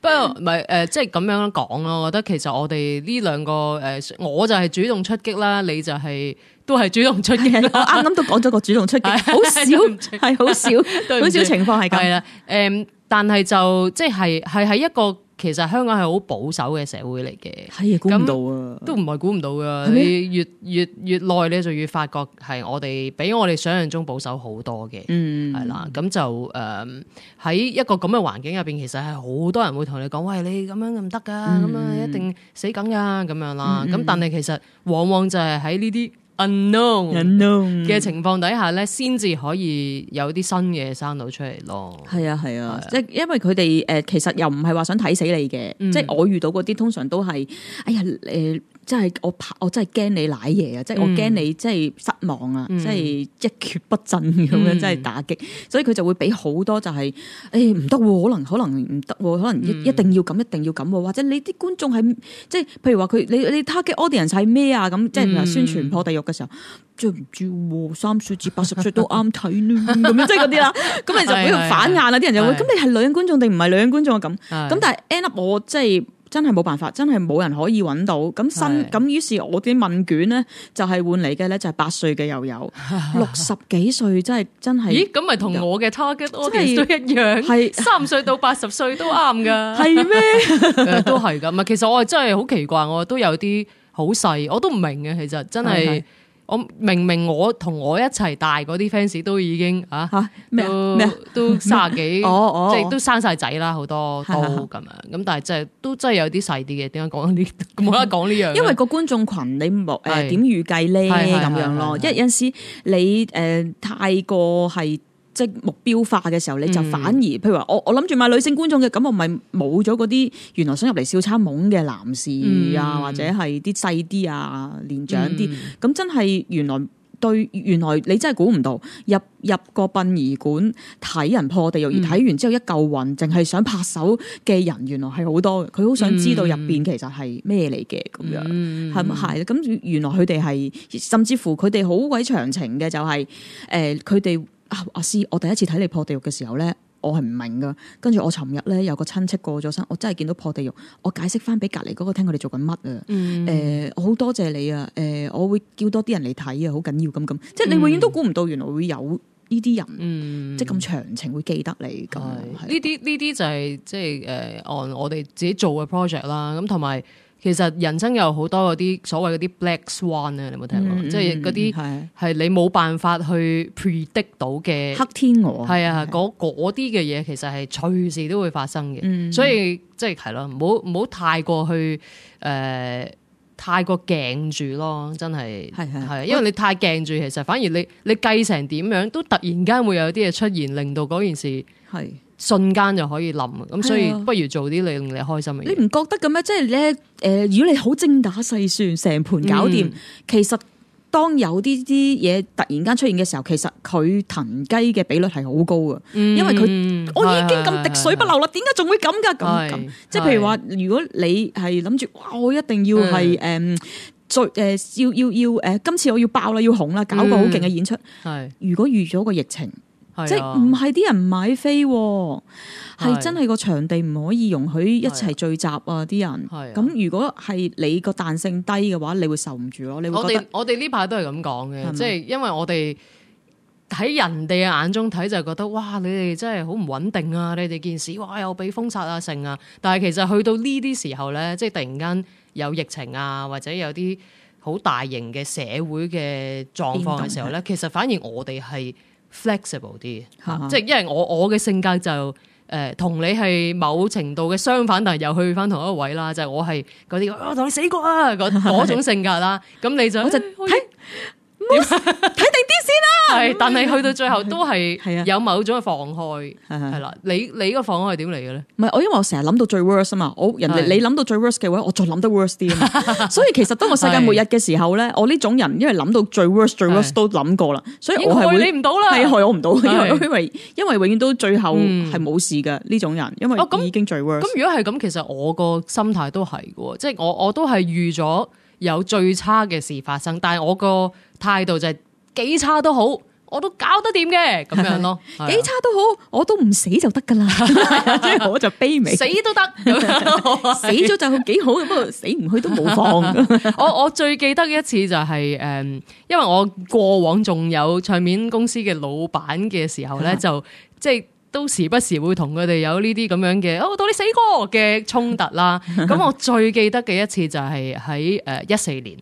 不過唔係誒，即係咁樣講咯。我覺得其實我哋呢兩個誒，我就係主動出擊啦，你就係。都係主動出擊，我啱啱都講咗個主動出擊，好的少，係好不少，好不少情況係咁啦。誒、嗯，但係就即係係喺一個其實香港係好保守嘅社會嚟嘅，係估唔到啊，都唔係估唔到㗎的。越越越耐，你就越發覺係我哋比我哋想像中保守好多嘅、嗯。嗯，係啦，咁就誒喺一個咁嘅環境入邊，其實係好多人會同你講，喂，你咁樣唔得㗎，咁樣、嗯、一定死梗㗎、啊，咁樣啦。咁但係其實往，往往就係喺呢啲。unknown 嘅情況底下咧，先至可以有啲新嘅嘢生到出嚟咯。係啊，係啊，即係因為佢哋誒，其實又唔係話想睇死你嘅，即係我遇到嗰啲通常都係，哎呀誒、呃。即係我怕，我真係驚你瀨嘢啊！即係我驚你，即係失望啊！即係一蹶不振咁樣，真係打擊。所以佢就會俾好多就係誒唔得，可能可能唔得，可能一定要咁，一定要咁，或者你啲觀眾係即係，譬如話佢你 target audience 係咩啊？咁即係宣傳破地獄嘅時候，着唔住三歲至八十歲都啱睇咧，咁樣即係嗰啲啦。咁你就俾佢反眼啦，啲人就會咁你係女人觀眾定唔係女人觀眾啊？咁咁但係 end up 我即係。真係冇辦法，真係冇人可以揾到。咁新咁，於是我啲問卷咧，就係換嚟嘅咧，就係八歲嘅又有，六十幾歲真係真係。咦，咁咪同我嘅 target 都一樣，係三歲到八十歲都啱噶，係咩是嗎、 *laughs* 嗯？都係噶，唔係。其實我真係好奇怪，我都有啲好細，我都唔明嘅。其實真係。是是我明明我同我一齊大嗰啲 fans 都已經啊，都都卅幾，即係都生晒仔啦，好多多咁樣，咁但係真係都真係有啲細啲嘅，點解講呢？冇得講呢樣。因為個觀眾群你冇誒點預計呢？咁樣咯，一陣時你誒太過係。即目標化嘅時候，你就反而，嗯、譬如話，我我諗住賣女性觀眾嘅，咁我咪冇咗嗰啲原來想入嚟笑餐懵嘅男士啊，嗯、或者係啲細啲啊、年長啲，咁、嗯、真係原來對原來你真係估唔到，入入個殯儀館睇人破地獄，而睇、嗯、完之後一嚿雲，淨係想拍手嘅人，原來係好多嘅，佢好想知道入邊其實係咩嚟嘅咁樣，係咪係咧？咁原來佢哋係甚至乎佢哋好鬼長情嘅、就係，就係誒佢哋。啊！阿、啊、師，我第一次睇你破地獄嘅時候咧，我係唔明噶。跟住我尋日咧，有個親戚過咗身，我真係見到破地獄，我解釋翻俾隔籬嗰個聽佢哋做緊乜啊。誒、嗯，我好多、呃、謝你啊！誒、呃，我會叫多啲人嚟睇啊，好緊要咁咁。即係你永遠都估唔到，原來會有呢啲人、嗯、即咁長情會記得你咁。呢啲呢啲就係即係誒，按、就是、我哋自己做嘅 project 啦。咁同埋。其實人生有好多嗰啲所謂嗰啲 black swan 咧、嗯嗯嗯，你有冇聽過？即係嗰啲係你冇辦法去 predict 到嘅黑天鵝。係啊的，嗰啲嘅嘢其實係隨時都會發生嘅。嗯嗯，所以即係係咯，唔好太過去誒、呃、太過鏡住咯，真係係係，因為你太鏡住，其實反而你你計成點樣，都突然間會有啲嘢出現，令到嗰件事係的。瞬間就可以冧嘅，咁所以不如做啲令你開心嘅。你唔覺得嘅咩？即係咧，誒、呃，如果你好精打細算，成盤搞掂，嗯、其實當有啲啲嘢突然間出現嘅時候，其實佢騰雞嘅比率係好高嘅，嗯、因為佢、嗯、我已經咁滴水不漏啦，點解仲會咁噶？咁、嗯、即係譬如話，如果你係諗住哇，我一定要係誒最誒要要要誒、呃呃，今次我要爆啦，要紅啦，搞個好勁嘅演出。係，如果遇咗個疫情。即係唔係啲人買飛，係真係個場地唔可以容許一齊聚集啊！啲人咁，如果係你個彈性低嘅話，你會受唔住咯。我哋我哋呢排都係咁講嘅，嗎即係因為我哋喺人哋嘅眼中睇就係覺得哇，你哋真係好唔穩定啊！你哋件事哇又俾封殺啊成啊！但係其實去到呢啲時候咧，即係突然間有疫情啊，或者有啲好大型嘅社會嘅狀況嘅時候咧，其實反而我哋係。Flexible 啲，Flex uh huh. 即係因為我我嘅性格就誒同你係某程度嘅相反，但係又去翻同一個位啦，就係、我係嗰啲我同你死過啊嗰嗰 *laughs* 種性格啦，咁 *laughs* 你就。睇定啲先啦，係，但係去到最後都係，係啊，有某種嘅妨害，係啦，你你個妨害係點嚟嘅咧？唔係，我因為我成日諗到最 worst 啊嘛，我人哋你諗到最 worst 嘅話，我就諗得 worst 啲啊，所以其實當我世界末日嘅時候咧，我呢種人因為諗到最 worst 最 worst 都諗過啦，所以我係害你唔到啦，你害我唔到，因為因為永遠都最後係冇事嘅呢、嗯、種人，因為已經最 worst、哦。咁如果係咁，其實我個心態都係嘅，即係我我，我都係預咗有最差嘅事發生，但係我個。態度就係、是、幾差都好，我都搞得掂嘅咁樣咯。幾 *laughs* 差都好，我都唔死就得噶啦，即係我就卑微，死都得咁樣， *laughs* 死咗就係幾好， *laughs* 不過死唔去都冇妨。 *laughs* 我我最記得一次就係、是、誒，因為我過往仲有唱片公司嘅老闆嘅時候咧，就即係都時不時會同佢哋有呢啲咁樣嘅哦，到你死哥嘅衝突啦。咁我最記得嘅一次就係喺誒一四年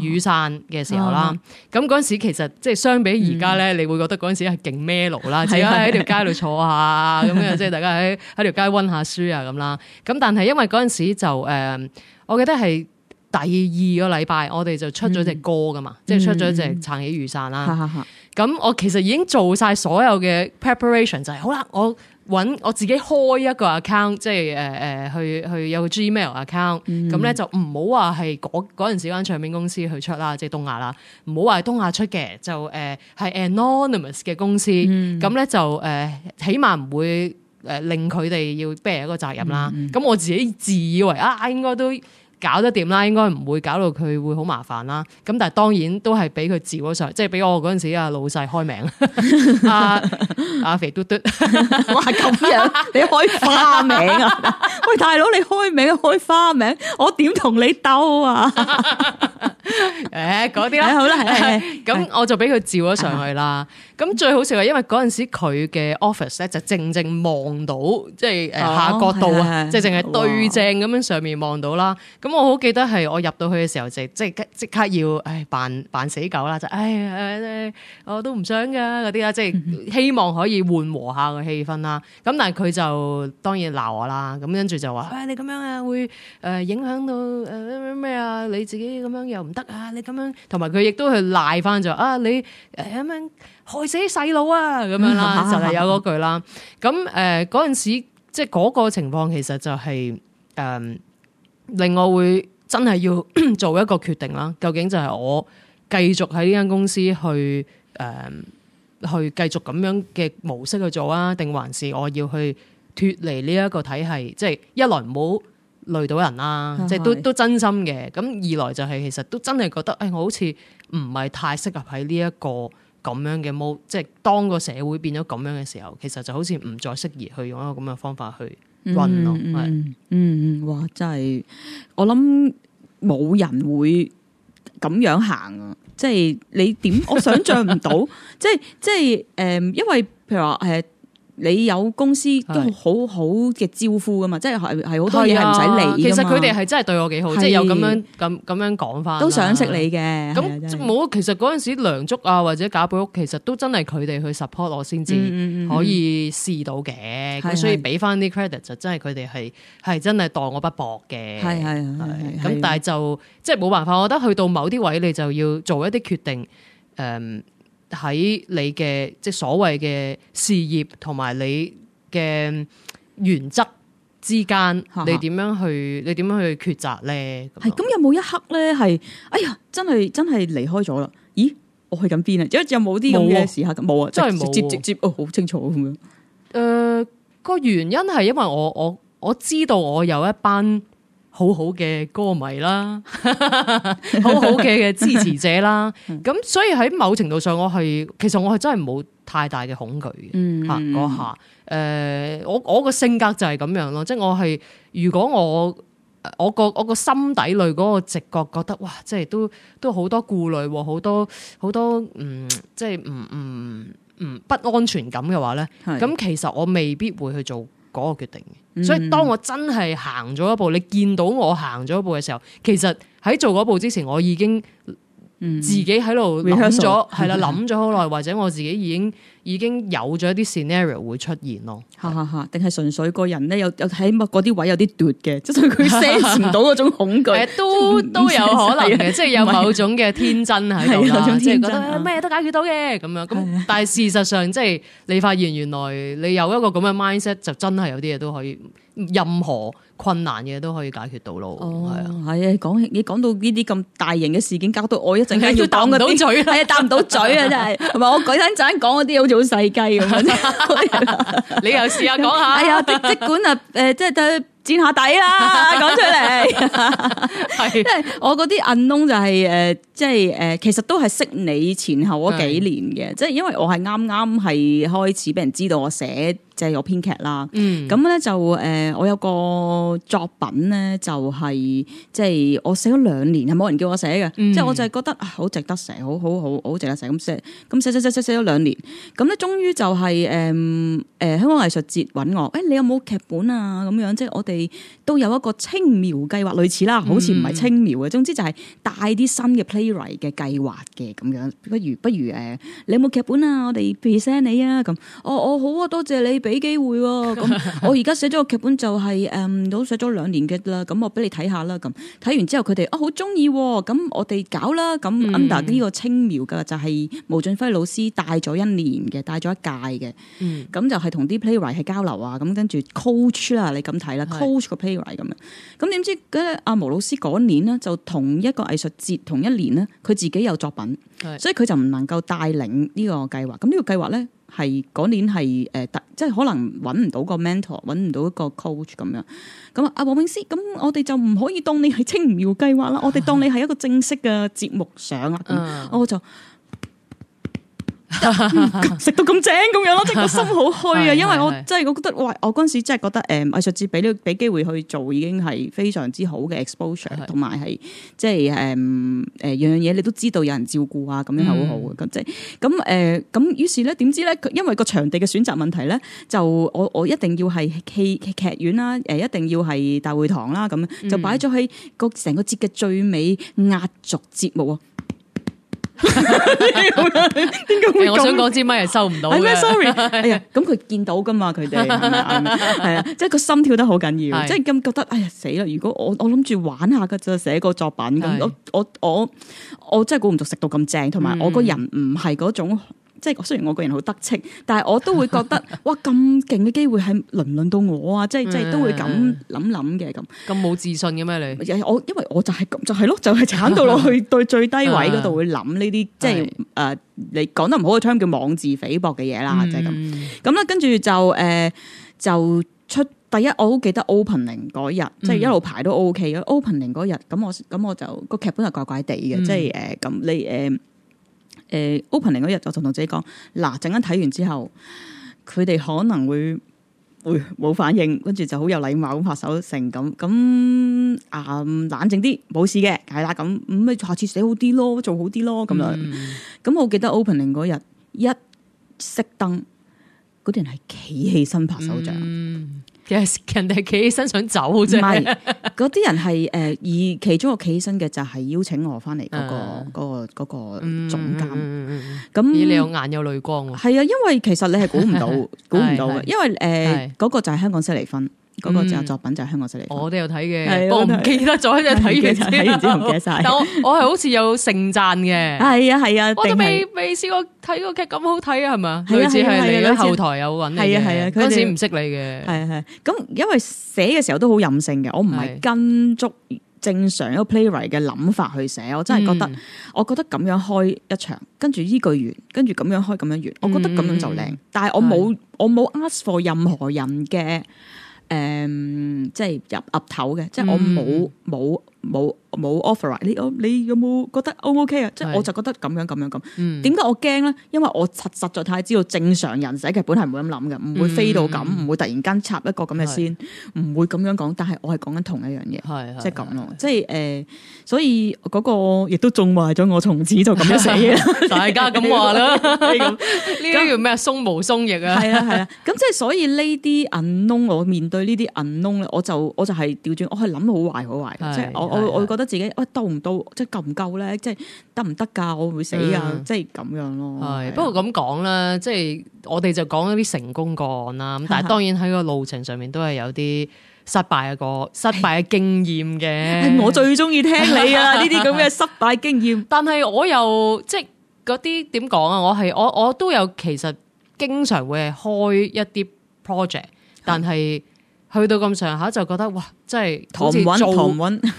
雨傘嘅時候啦，咁嗰陣時其實即係相比而家咧，你會覺得嗰陣時係勁 melo 啦、嗯，係啊，喺條街度坐下咁啊， *laughs* 即係大家喺喺條街温下書啊咁啦。咁但係因為嗰陣時就誒，我記得係第二個禮拜我哋就出咗隻歌噶嘛，嗯、即係出咗隻撐起雨傘啦。嗯 *laughs* 咁我其實已經做晒所有嘅 preparation，就係好啦，我揾我自己開一個 account，即係誒誒去去有個 Gmail account，咁咧、嗯、就唔好話係嗰嗰陣時間唱片公司去出啦，即係東亞啦，唔好話係東亞出嘅，就誒係、呃、anonymous 嘅公司，咁咧、嗯、就誒、呃、起碼唔會誒令佢哋要 bear 一個責任啦。咁、嗯嗯、我自己自以為啊，應該都，搞得掂啦，應該唔會搞到佢會好麻煩啦。咁但係當然都係俾佢照咗上，即係俾我嗰陣時阿老細開名，阿阿、 *laughs* *laughs* 啊、肥嘟嘟，我哇咁樣你開花名啊？ *laughs* 喂大佬，你開名開花名，我點同你鬥啊？誒嗰啲啦，好啦，係咁 *laughs* 我就俾佢照咗上去啦。咁最好笑係因為嗰陣時佢嘅 office 咧就正正望到，即係誒下角度啊，即係淨係對正咁樣上面望到啦。咁我好記得係我入到去嘅時候就即係即刻要誒扮扮死狗啦，就誒誒我都唔想㗎嗰啲啊，即係希望可以緩和下個氣氛啦。咁但係佢就當然鬧我啦。咁跟住就話：你咁樣啊，會誒影響到誒咩啊？你自己咁樣又唔得啊！你咁樣同埋佢亦都係賴翻就啊，你誒、啊害死細佬啊！咁樣啦，嗯、就係有嗰句啦。咁誒、嗯，嗰陣時、嗯、即係嗰個情況，其實就係、是、誒、嗯、令我會真係要做一個決定啦。究竟就係我繼續喺呢間公司去誒、嗯、去繼續咁樣嘅模式去做啊，定還是我要去脫離呢一個體系？即係一來唔好累到人啦，即係是是 都都真心嘅。咁二來就係、是、其實都真係覺得誒、哎，我好似唔係太適合喺呢一個。咁樣嘅 mode，即係當個社會變咗咁樣嘅時候，其實就好似唔再適宜去用一個咁嘅方法去運咯、嗯。嗯嗯嗯是嗯，哇！真係，我諗冇人會咁樣行啊！即係你點？我想象唔到。 *laughs* 即係即係誒，因為譬如話誒。你有公司都好好嘅招呼噶嘛？即係係係好多嘢係唔使理。其實佢哋係真係對我幾好，即係有咁樣咁咁樣講翻，都想識你嘅。咁冇、嗯，那其實嗰陣時梁祝啊或者賈寶玉，其實真都真係佢哋去 support 我先至可以試到嘅。咁、嗯嗯、所以俾翻啲 credit 就真係佢哋係係真係待我不薄嘅。係係係咁，的但係就即係冇辦法，我覺得去到某啲位，你就要做一啲決定。嗯。喺你嘅即係所謂嘅事業同埋你嘅原則之間，你點樣去？你點樣去抉擇咧？係咁有冇一刻咧？係哎呀，真係真係離開咗啦！咦，我去緊邊啊？即係有冇啲咁嘅時刻？冇啊，啊真係冇、啊。接直接哦，好清楚咁、啊、樣。誒、呃，個原因係因為我我我知道我有一班。好好嘅歌迷啦， *laughs* 好好嘅嘅支持者啦，咁 *laughs* 所以喺某程度上我，我係其實我係真係冇太大嘅恐懼吓嗰下，誒、嗯啊，我我個性格就係咁樣咯，即係我係如果我我個我個心底裏嗰個直覺覺得哇，即係都都好多顧慮，好多好多嗯，即係唔唔唔不安全感嘅話咧，咁的其實我未必會去做。嗰個決定嘅，所以當我真係行咗一步，你見到我行咗一步嘅時候，其實喺做嗰步之前，我已經自己喺度諗咗，係啦、嗯，諗咗好耐，或者我自己已經。已經有咗一啲 scenario 會出現咯，哈哈哈！定係純粹個人咧有有喺乜嗰啲位有啲奪嘅，即係佢 sense 唔到嗰種恐懼， *laughs* 都知都有可能即係有某種嘅天真喺度，即係覺得咩都解決到嘅咁樣。咁的但係事實上，即係你發現原來你有一個咁嘅 mindset，就真係有啲嘢都可以任何。困難嘅都可以解決到咯，係、哦、啊，係啊，講你講到呢啲咁大型嘅事件，搞到我一陣間要擋唔到嘴，係啊，答唔到嘴啊，真係，係咪 *laughs* 我舉身陣講嗰啲好似好細雞咁？ *laughs* 你又試下講下，係啊、哎，即管啊，誒、呃，即係都墊下底啦，講出嚟，即 *laughs* 是 *laughs* 為我嗰啲 unknown 就係、是、誒，即係誒，其實都係識你前後嗰幾年嘅，即係是因為我係啱啱係開始俾人知道我寫。即係我編劇啦，咁咧、嗯、就誒，我有個作品咧、就是，就係即係我寫咗兩年，係冇人叫我寫嘅，嗯、即係我就係覺得好值得寫，好好好，好值得寫寫咁寫咁寫咗兩年，咁咧終於就係誒誒香港藝術節搵我，誒你有冇、啊、劇本啊？咁樣即係我哋都有一個青苗計劃類似啦，好似唔係青苗嘅，總之就係帶啲新嘅 playwright 嘅計劃嘅咁樣，不如不如誒、uh, 你有冇劇本啊？我哋 present 你啊，咁我我好啊，多謝你。主持人主持人俾機會喎、啊，咁 *laughs* 我而家寫咗個劇本就係、是、誒、嗯、都寫咗兩年嘅啦，咁我俾你睇下啦，咁睇完之後佢哋、哦、啊好中意，咁我哋搞啦，咁、嗯嗯、under 呢個青苗嘅就係毛俊輝老師帶咗一年嘅，帶咗一屆嘅，咁就係、嗯、同啲 playwright 係交流啊，咁跟住 coach 啊，你咁睇啦，coach 個 playwright 咁樣，咁點知阿毛老師嗰年呢，就同一個藝術節同一年呢，佢自己有作品，是所以佢就唔能夠帶領呢個計劃，咁呢個計劃咧。係嗰年係誒、呃，即係可能揾唔到個 mentor，揾唔到一個 coach 咁樣。咁啊，阿黃詠詩，咁我哋就唔可以當你係青苗計劃啦， *laughs* 我哋當你係一個正式嘅節目上啊。嗯、我就。食到咁正，咁樣咯，即係個心好虛啊！因為我真係我覺得，哇！我嗰陣時真係覺得，誒、嗯，藝術節俾呢俾機會去做，已經係非常之好嘅 exposure，同埋係即的係誒誒，就是嗯、樣樣嘢你都知道有人照顧啊，咁樣係好好嘅。咁即係咁誒，咁於是咧，點知咧，因為個場地嘅選擇問題咧，就我我一定要係戲劇院啦，誒，一定要係大會堂啦，咁就擺咗喺個成個節嘅最尾壓軸節目啊！嗯點 *laughs* 解會？我想講支咪係收唔到係咩 sorry，哎呀，咁佢見到噶嘛？佢哋係啊，即係個心跳得好緊要，是即係咁覺得，哎呀死啦！如果我我諗住玩下噶咋，寫個作品咁是，我我我我真係估唔到食到咁正，同埋我個人唔係嗰種。嗯即係雖然我個人好得戚，但係我都會覺得哇咁勁嘅機會係輪唔輪到我啊！即係即係都會咁諗諗嘅咁。咁冇自信嘅咩你？我因為我就係就係咯，就係鏟到落去對最低位嗰度會諗呢啲，即係誒你講得唔好嘅 term 叫妄自菲薄嘅嘢啦，即係咁。咁啦，跟住就誒就出第一，我好記得 opening 嗰日，即係一路排都 OK 嘅。opening 嗰日，咁我咁我就個劇本係怪怪地嘅，即係誒咁你誒。誒、uh，opening 嗰日，就同同自己講，嗱，陣間睇完之後，佢哋可能會會冇反應，跟住就好有禮貌咁拍手成咁，咁啊、嗯、冷靜啲，冇事嘅，係啦，咁咁咪下次寫好啲咯，做好啲咯，咁樣。咁、嗯、我記得 opening 嗰日一熄燈，啲人係企起身拍手掌。嗯嗯 Yes, 人哋企起身想走啫，嗰啲是 *laughs* 人係誒，而其中個企起身嘅就係邀請我翻嚟嗰個嗰、嗯那個個總監。咁、嗯、那你有眼有淚光啊？係啊，因為其實你係估唔到，估唔 *laughs* 到嘅， *laughs* 對對對因為誒嗰、呃、對個就係香港式離婚。嗰個就作品就係香港出嚟，我都有睇嘅，我唔記得咗，即係睇完睇完之後唔記得晒。但係我我係好似有盛讚嘅。係啊係啊，我都未未試過睇個劇咁好睇啊，係嘛？佢只係嚟咗後台有搵嘅？係啊係啊，佢當時唔識你嘅？係啊係。咁因為寫嘅時候都好任性嘅，我唔係跟足正常一個 playwright 嘅諗法去寫，我真係覺得，我覺得咁樣開一場，跟住依句完，跟住咁樣開咁樣完，我覺得咁樣就靚。但係我冇我冇 ask for 任何人嘅。誒、um，即係入岌頭嘅，即係我冇冇。冇冇 offer 你有你有冇覺得 O，O，K 啊？即係我就覺得咁樣咁樣咁。點解我驚咧？因為我實實在太知道正常人寫劇本係唔會咁諗嘅，唔會飛到咁，唔會突然間插一個咁嘅先，唔會咁樣講。但係我係講緊同一樣嘢，即係咁咯。即係誒，所以嗰個亦都縱壞咗我，從此就咁樣寫嘢啦。大家咁話啦，呢啲叫咩？鬆毛鬆翼啊，係啊係啊。咁即係所以呢啲 unknown，我面對呢啲 unknown 我就我就係調轉，我係諗好壞好壞。即係我我會覺得自己啊到唔到，即係夠唔夠咧，即係得唔得噶，我會死啊，即係咁樣咯。係不過咁講啦，即係我哋就講一啲成功個案啦。咁但係當然喺個路程上面都係有啲失敗嘅，個失敗嘅經驗嘅。我最中意聽你啊呢啲咁嘅失敗經驗。但係我又即係嗰啲點講啊？我係我我都有其實經常會係開一啲 project，但係。去到咁上下就覺得哇，真係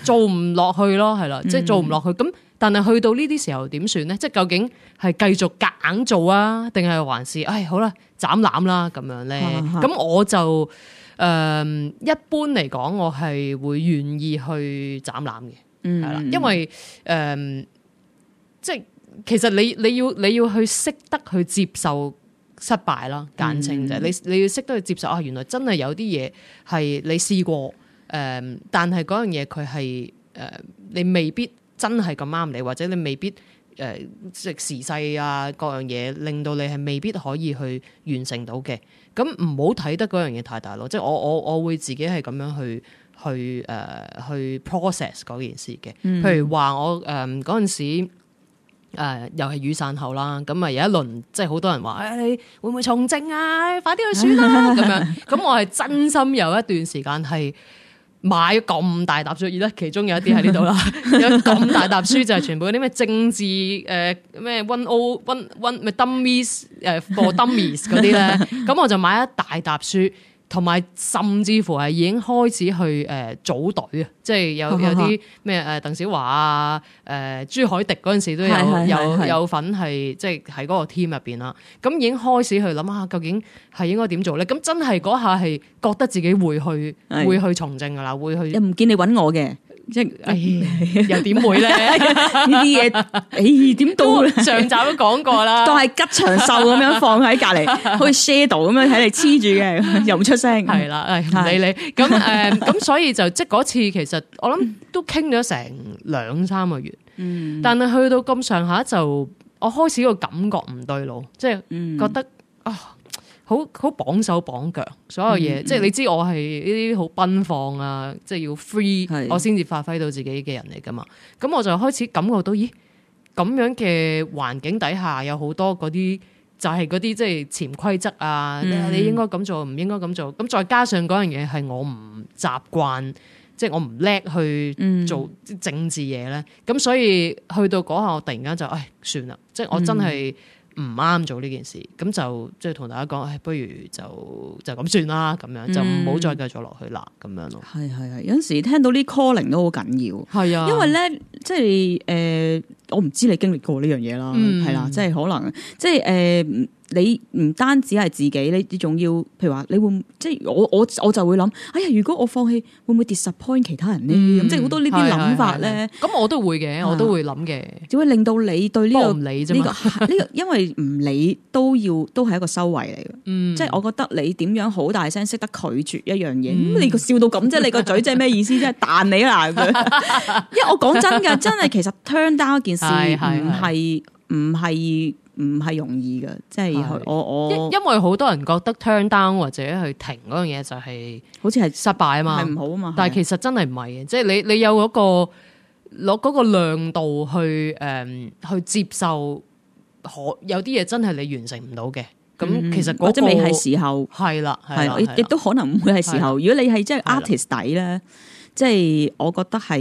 做唔落去咯，係啦，即係做唔落去。咁但係去到呢啲時候點算呢？即係究竟係繼續夾硬做啊，定係還是誒好啦，斬纜啦咁樣咧？咁的我就誒、呃、一般嚟講，我係會願意去斬纜嘅，係啦，因為誒、呃、即係其實你你要你要去識得去，去接受。失敗啦，簡稱啫。你你要識得去接受啊，原來真係有啲嘢係你試過，誒、呃，但係嗰樣嘢佢係誒，你未必真係咁啱你，或者你未必誒，即、呃、時勢啊，各樣嘢令到你係未必可以去完成到嘅。咁唔好睇得嗰樣嘢太大咯，即係我我我會自己係咁樣去去誒、呃、去 process 嗰件事嘅。譬如話我誒嗰陣時。誒、呃、又係雨傘後啦，咁、嗯、啊有一輪，即係好多人話、 *laughs* 哎、你會唔會從政啊？快啲去選啦、啊、咁樣。咁我係真心有一段時間係買咁大沓書，而咧其中有一啲喺呢度啦。 *laughs* 有咁大沓書就係、是、全部啲咩政治誒咩 One O One 咪 Dummies 誒 For Dummies 嗰啲咧。咁我就買一大沓書。同埋甚至乎係已經開始去誒組隊啊，即係有有啲咩誒鄧小華啊、誒、呃、朱凱迪嗰陣時都有是是是是有有份係即係喺嗰個 team 入邊啦，咁已經開始去諗下究竟係應該點做咧？咁真係嗰下係覺得自己會去的會去從政㗎啦，會去又唔見你搵我嘅。即係、哎，又點會咧？呢啲嘢，誒，點都上集都講過啦，都係吉祥獸咁樣放喺隔籬，好似 shadow 咁樣喺你黐住嘅。 *laughs* 又唔出聲，係啦，誒、哎，唔理你。咁誒， *laughs* 咁、um, 所以就即係嗰次，其實我諗都傾咗成兩三個月，嗯，但係去到咁上下就，我開始個感覺唔對路，即係、嗯、覺得啊。哦好好綁手綁腳，所有嘢、嗯、即係你知我係呢啲好奔放啊！即係要 free，< 是的 S 1> 我先至發揮到自己嘅人嚟噶嘛。咁我就開始感覺到，咦，咁樣嘅環境底下有好多嗰啲就係嗰啲即係潛規則啊！嗯、你應該咁做，唔應該咁做。咁再加上嗰樣嘢係我唔習慣，即、就、係、是、我唔叻去做政治嘢咧。咁、嗯、所以去到嗰下，我突然間就唉，算啦！即係我真係、嗯。唔啱做呢件事，咁就即係同大家講、哎，不如就就咁算啦，咁樣、嗯、就唔好再繼續落去啦，咁樣咯。係係係，有陣時聽到啲 calling 都好緊要，係啊的，因為咧即係誒、呃，我唔知你經歷過呢樣嘢啦，係啦、嗯，即係可能即係誒。呃你唔單止係自己，你你仲要，譬如話你會即係我我我就會諗，哎呀，如果我放棄，會唔會 disappoint 其他人呢？咁即係好多呢啲諗法咧。咁我都會嘅，我都會諗嘅，只會令到你對呢個呢個呢個，因為唔理都要都係一個收尾嚟嘅。即係我覺得你點樣好大聲識得拒絕一樣嘢，咁你笑到咁啫，你個嘴即係咩意思即係？彈你啦！因為我講真嘅，真係其實 turn down 件事唔係唔係。唔係容易嘅，即係去我我，因為好多人覺得 turn down 或者去停嗰樣嘢就係，好似係失敗啊嘛，係唔好啊嘛。但係其實真係唔係嘅，即係你你有嗰個攞嗰個量度，去誒去接受，可有啲嘢真係你完成唔到嘅。咁其實嗰即係未係時候，係啦係啦，亦都可能唔會係時候。如果你係即係 artist 底咧，即係我覺得係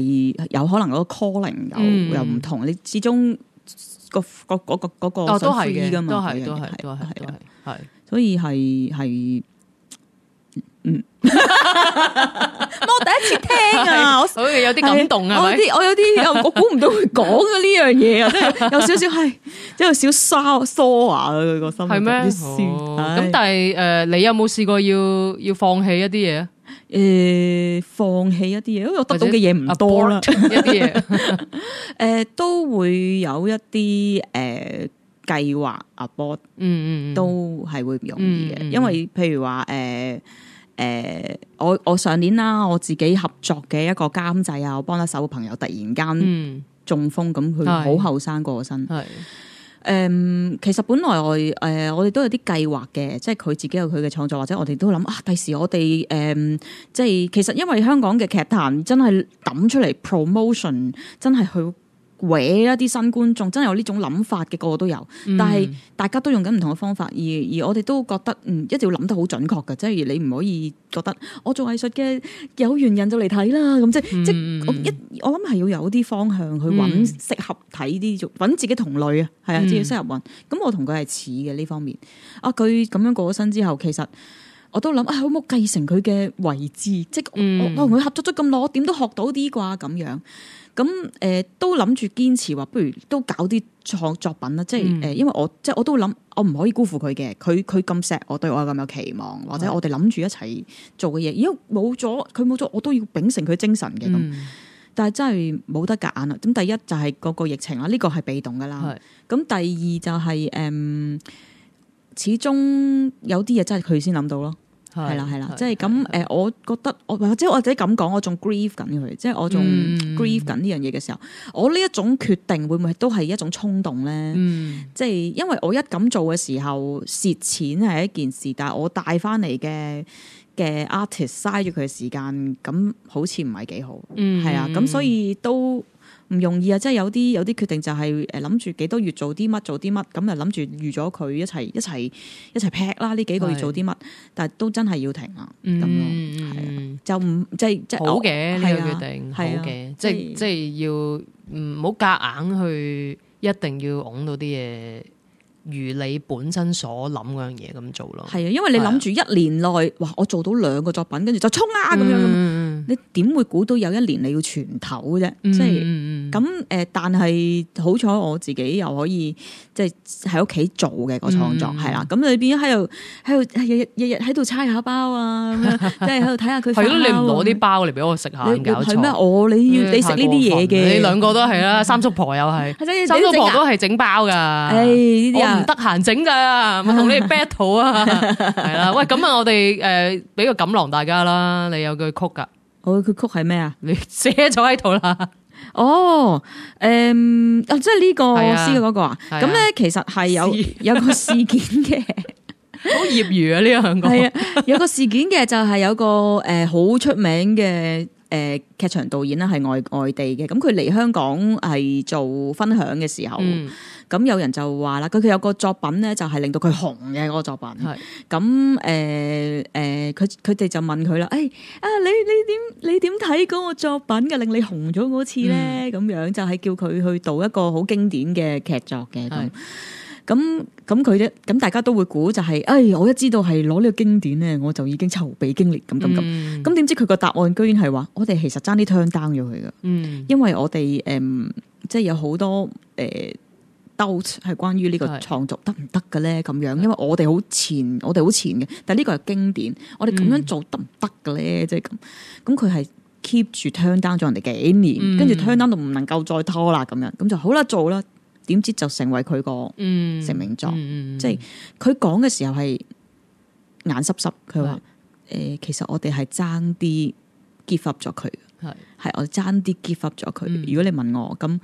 有可能嗰個 calling 又又唔同。你始終。個個個個嗰個都係嘅嘛，都係都係都係都係係，所以係係嗯，我第一次聽啊，所以對有啲感動啊，我啲我有啲我估唔到佢講嘅呢樣嘢啊，真係有少少係，有少少沙疏啊，佢個心係咩？咁但係誒，你有冇試過要要放棄一啲嘢？誒、呃，放棄一啲嘢，因為我得到嘅嘢唔多啦。一啲嘢，誒，都會有一啲誒計劃。abort，嗯嗯，嗯都係會唔容易嘅，嗯嗯、因為譬如話誒誒，我我上年啦，我自己合作嘅一個監製啊，我幫得手嘅朋友突然間中風，咁佢好後生過個身。誒、嗯，其實本來誒、呃，我哋都有啲計劃嘅，即係佢自己有佢嘅創作，或者我哋都諗啊，第時我哋誒、嗯，即係其實因為香港嘅劇壇真係揼出嚟 promotion，真係去。搵一啲新觀眾，真係有呢種諗法嘅個個都有，但係大家都用緊唔同嘅方法，而、嗯、而我哋都覺得嗯，一定要諗得好準確嘅，即係你唔可以覺得我做藝術嘅有緣人就嚟睇啦咁、嗯、即即我一我諗係要有啲方向去揾、嗯、適合睇啲做揾自己同類啊，係啊，即要適合揾。咁我同佢係似嘅呢方面，啊佢咁樣過咗身之後，其實我都諗啊、哎，可唔可以繼承佢嘅位置？即、嗯、我我同佢合作咗咁耐，我點都學到啲啩咁樣。咁誒、呃，都諗住堅持話，不如都搞啲創作品啦，嗯、即係誒、呃，因為我即係我都諗，我唔可以辜負佢嘅，佢佢咁錫我，對我咁有期望，或者我哋諗住一齊做嘅嘢，如果冇咗佢冇咗，我都要秉承佢精神嘅咁，嗯、但係真係冇得揀啊！咁第一就係嗰個疫情啦，呢個係被動噶啦，咁是 第二就係、是、誒、嗯，始終有啲嘢真係佢先諗到咯。係啦，係啦，即係咁誒，嗯、我覺得我或者或者咁講，我仲 grieve 緊佢，即係我仲 grieve 緊呢樣嘢嘅時候，我呢一種決定會唔會都係一種衝動咧？嗯、即係因為我一咁做嘅時候蝕錢係一件事，但係我帶翻嚟嘅嘅 artist 嘥咗佢嘅時間，咁好似唔係幾好，係啊，咁、嗯嗯、所以都。唔容易啊！即係有啲有啲決定就係誒諗住幾多月做啲乜做啲乜咁啊，諗住預咗佢一齊一齊一齊劈啦呢幾個月做啲乜，係但係都真係要停、嗯、啊！咁樣係就唔即係即係好嘅呢個決定，好嘅即係即係要唔好夾硬去一定要㧬到啲嘢，如你本身所諗嗰樣嘢咁做咯。係啊，啊因為你諗住一年內哇，我做到兩個作品，跟住就衝啊咁樣。嗯你點會估到有一年你要全頭嘅啫？即係咁誒，但係好彩我自己又可以即係喺屋企做嘅個創作係啦。咁你變咗喺度喺度日日日日喺度猜下包啊！即係喺度睇下佢係咯。你唔攞啲包嚟俾我食下搞係咩？我你要你食呢啲嘢嘅。你兩個都係啦，三叔婆又係，三叔婆都係整包噶。誒呢啲啊，我唔得閒整㗎，唔同你 battle 啊。係啦，喂，咁啊，我哋誒俾個錦囊大家啦。你有句曲㗎。我佢曲係咩啊？寫咗喺度啦。哦，誒，啊，即係呢個詩嘅嗰個啊。咁咧，其實係有 *laughs* 有個事件嘅，好業餘啊，呢個香港係啊。有個事件嘅就係有個誒好出名嘅。誒，劇場導演啦，係外外地嘅，咁佢嚟香港係做分享嘅時候，咁、嗯、有人就話啦，佢佢有個作品咧就係令到佢紅嘅嗰、嗰個作品，咁誒誒，佢佢哋就問佢啦，誒、哎、啊，你你點你點睇嗰個作品嘅令你紅咗嗰次咧？咁、嗯、樣就係叫佢去導一個好經典嘅劇作嘅咁。是嗯咁咁佢咧，咁大家都會估就係、是，哎，我一知道係攞呢個經典咧，我就已經籌備經歷咁咁咁。咁點知佢個答案居然係話，我哋其實爭啲 turn down 咗佢噶，嗯、因為我哋誒、呃、即係有好多誒 doubt 係關於呢個創作得唔得嘅咧，咁樣。因為我哋好前，我哋好前嘅，但係呢個係經典，我哋咁樣做得唔得嘅咧，即係咁。咁佢係 keep 住 turn down 咗人哋幾年，跟住、嗯、turn down 到唔能夠再拖啦，咁樣咁就好啦，做啦。點知就成為佢個成名作？嗯嗯、即係佢講嘅時候係眼濕濕，佢話：誒的、呃，其實我哋係爭啲 give up 咗佢，係係的我爭啲 give up 咗佢。嗯、如果你問我咁，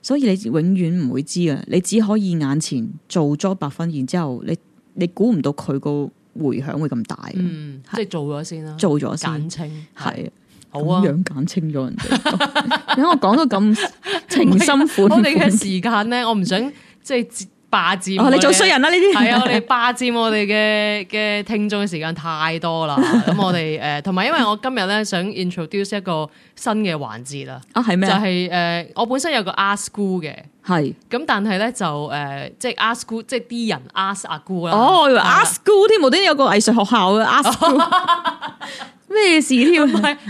所以你永遠唔會知啊！你只可以眼前做咗百分，然之後你你估唔到佢個回響會咁大。嗯，是即係做咗先啦，做咗簡稱係。點好、啊、樣簡清咗人哋？因 *laughs* 為我講到咁情深款款，我哋嘅時間咧，我唔想即係霸佔。哦，你做衰人啦呢啲係啊！我哋霸佔我哋嘅嘅聽眾嘅時間太多啦。咁 *laughs* 我哋誒，同埋因為我今日咧想 introduce 一個新嘅環節啦。啊，係咩？就係、是、誒，我本身有個 Art School 嘅，係咁是，但係咧就誒、呃，即係 Art School，即係啲人 ask 阿姑啦。哦，我以為 ask school 添，冇端了有個藝術學校嘅 a、啊、s k *laughs* *laughs* 咩事添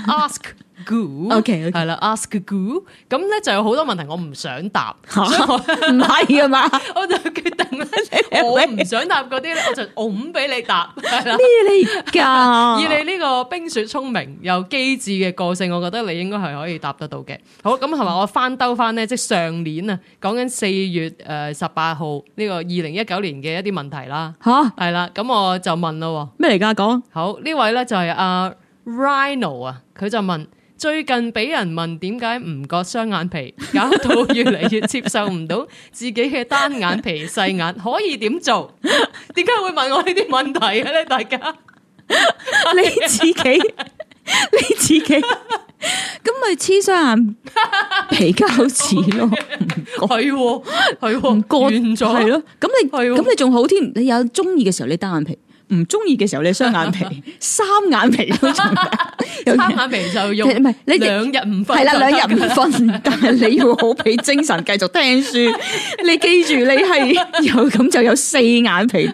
？ask goo，OK，係啦，ask goo，咁咧就有好多問題我唔想答，唔係啊嘛，我就決定咧，我唔想答嗰啲咧，我就㧬俾你答，係啦，咩嚟噶？以你呢個冰雪聰明又機智嘅個性，我覺得你應該係可以答得到嘅。好，咁同埋我翻兜翻咧，即係上年啊，講緊四月誒十八號呢個二零一九年嘅一啲問題啦。吓，係啦，咁我就問咯，咩嚟噶？講好呢位咧就係阿。Rhino 啊，佢、no, 就問最近俾人問點解唔割雙眼皮，搞到越嚟越接受唔到自己嘅單眼皮細眼，可以點做？點解會問我呢啲問題咧？大家你自己你自己咁咪黐雙眼皮比較似咯，係係唔割咗係咯？咁、哦、你咁你仲好添？你有中意嘅時候，你單眼皮。唔中意嘅時候，你雙眼皮，三眼皮都仲有三眼皮就用唔係你兩日唔瞓係啦，兩日唔瞓，但係你要好皮精神繼續聽書。你記住，你係有咁就有四眼皮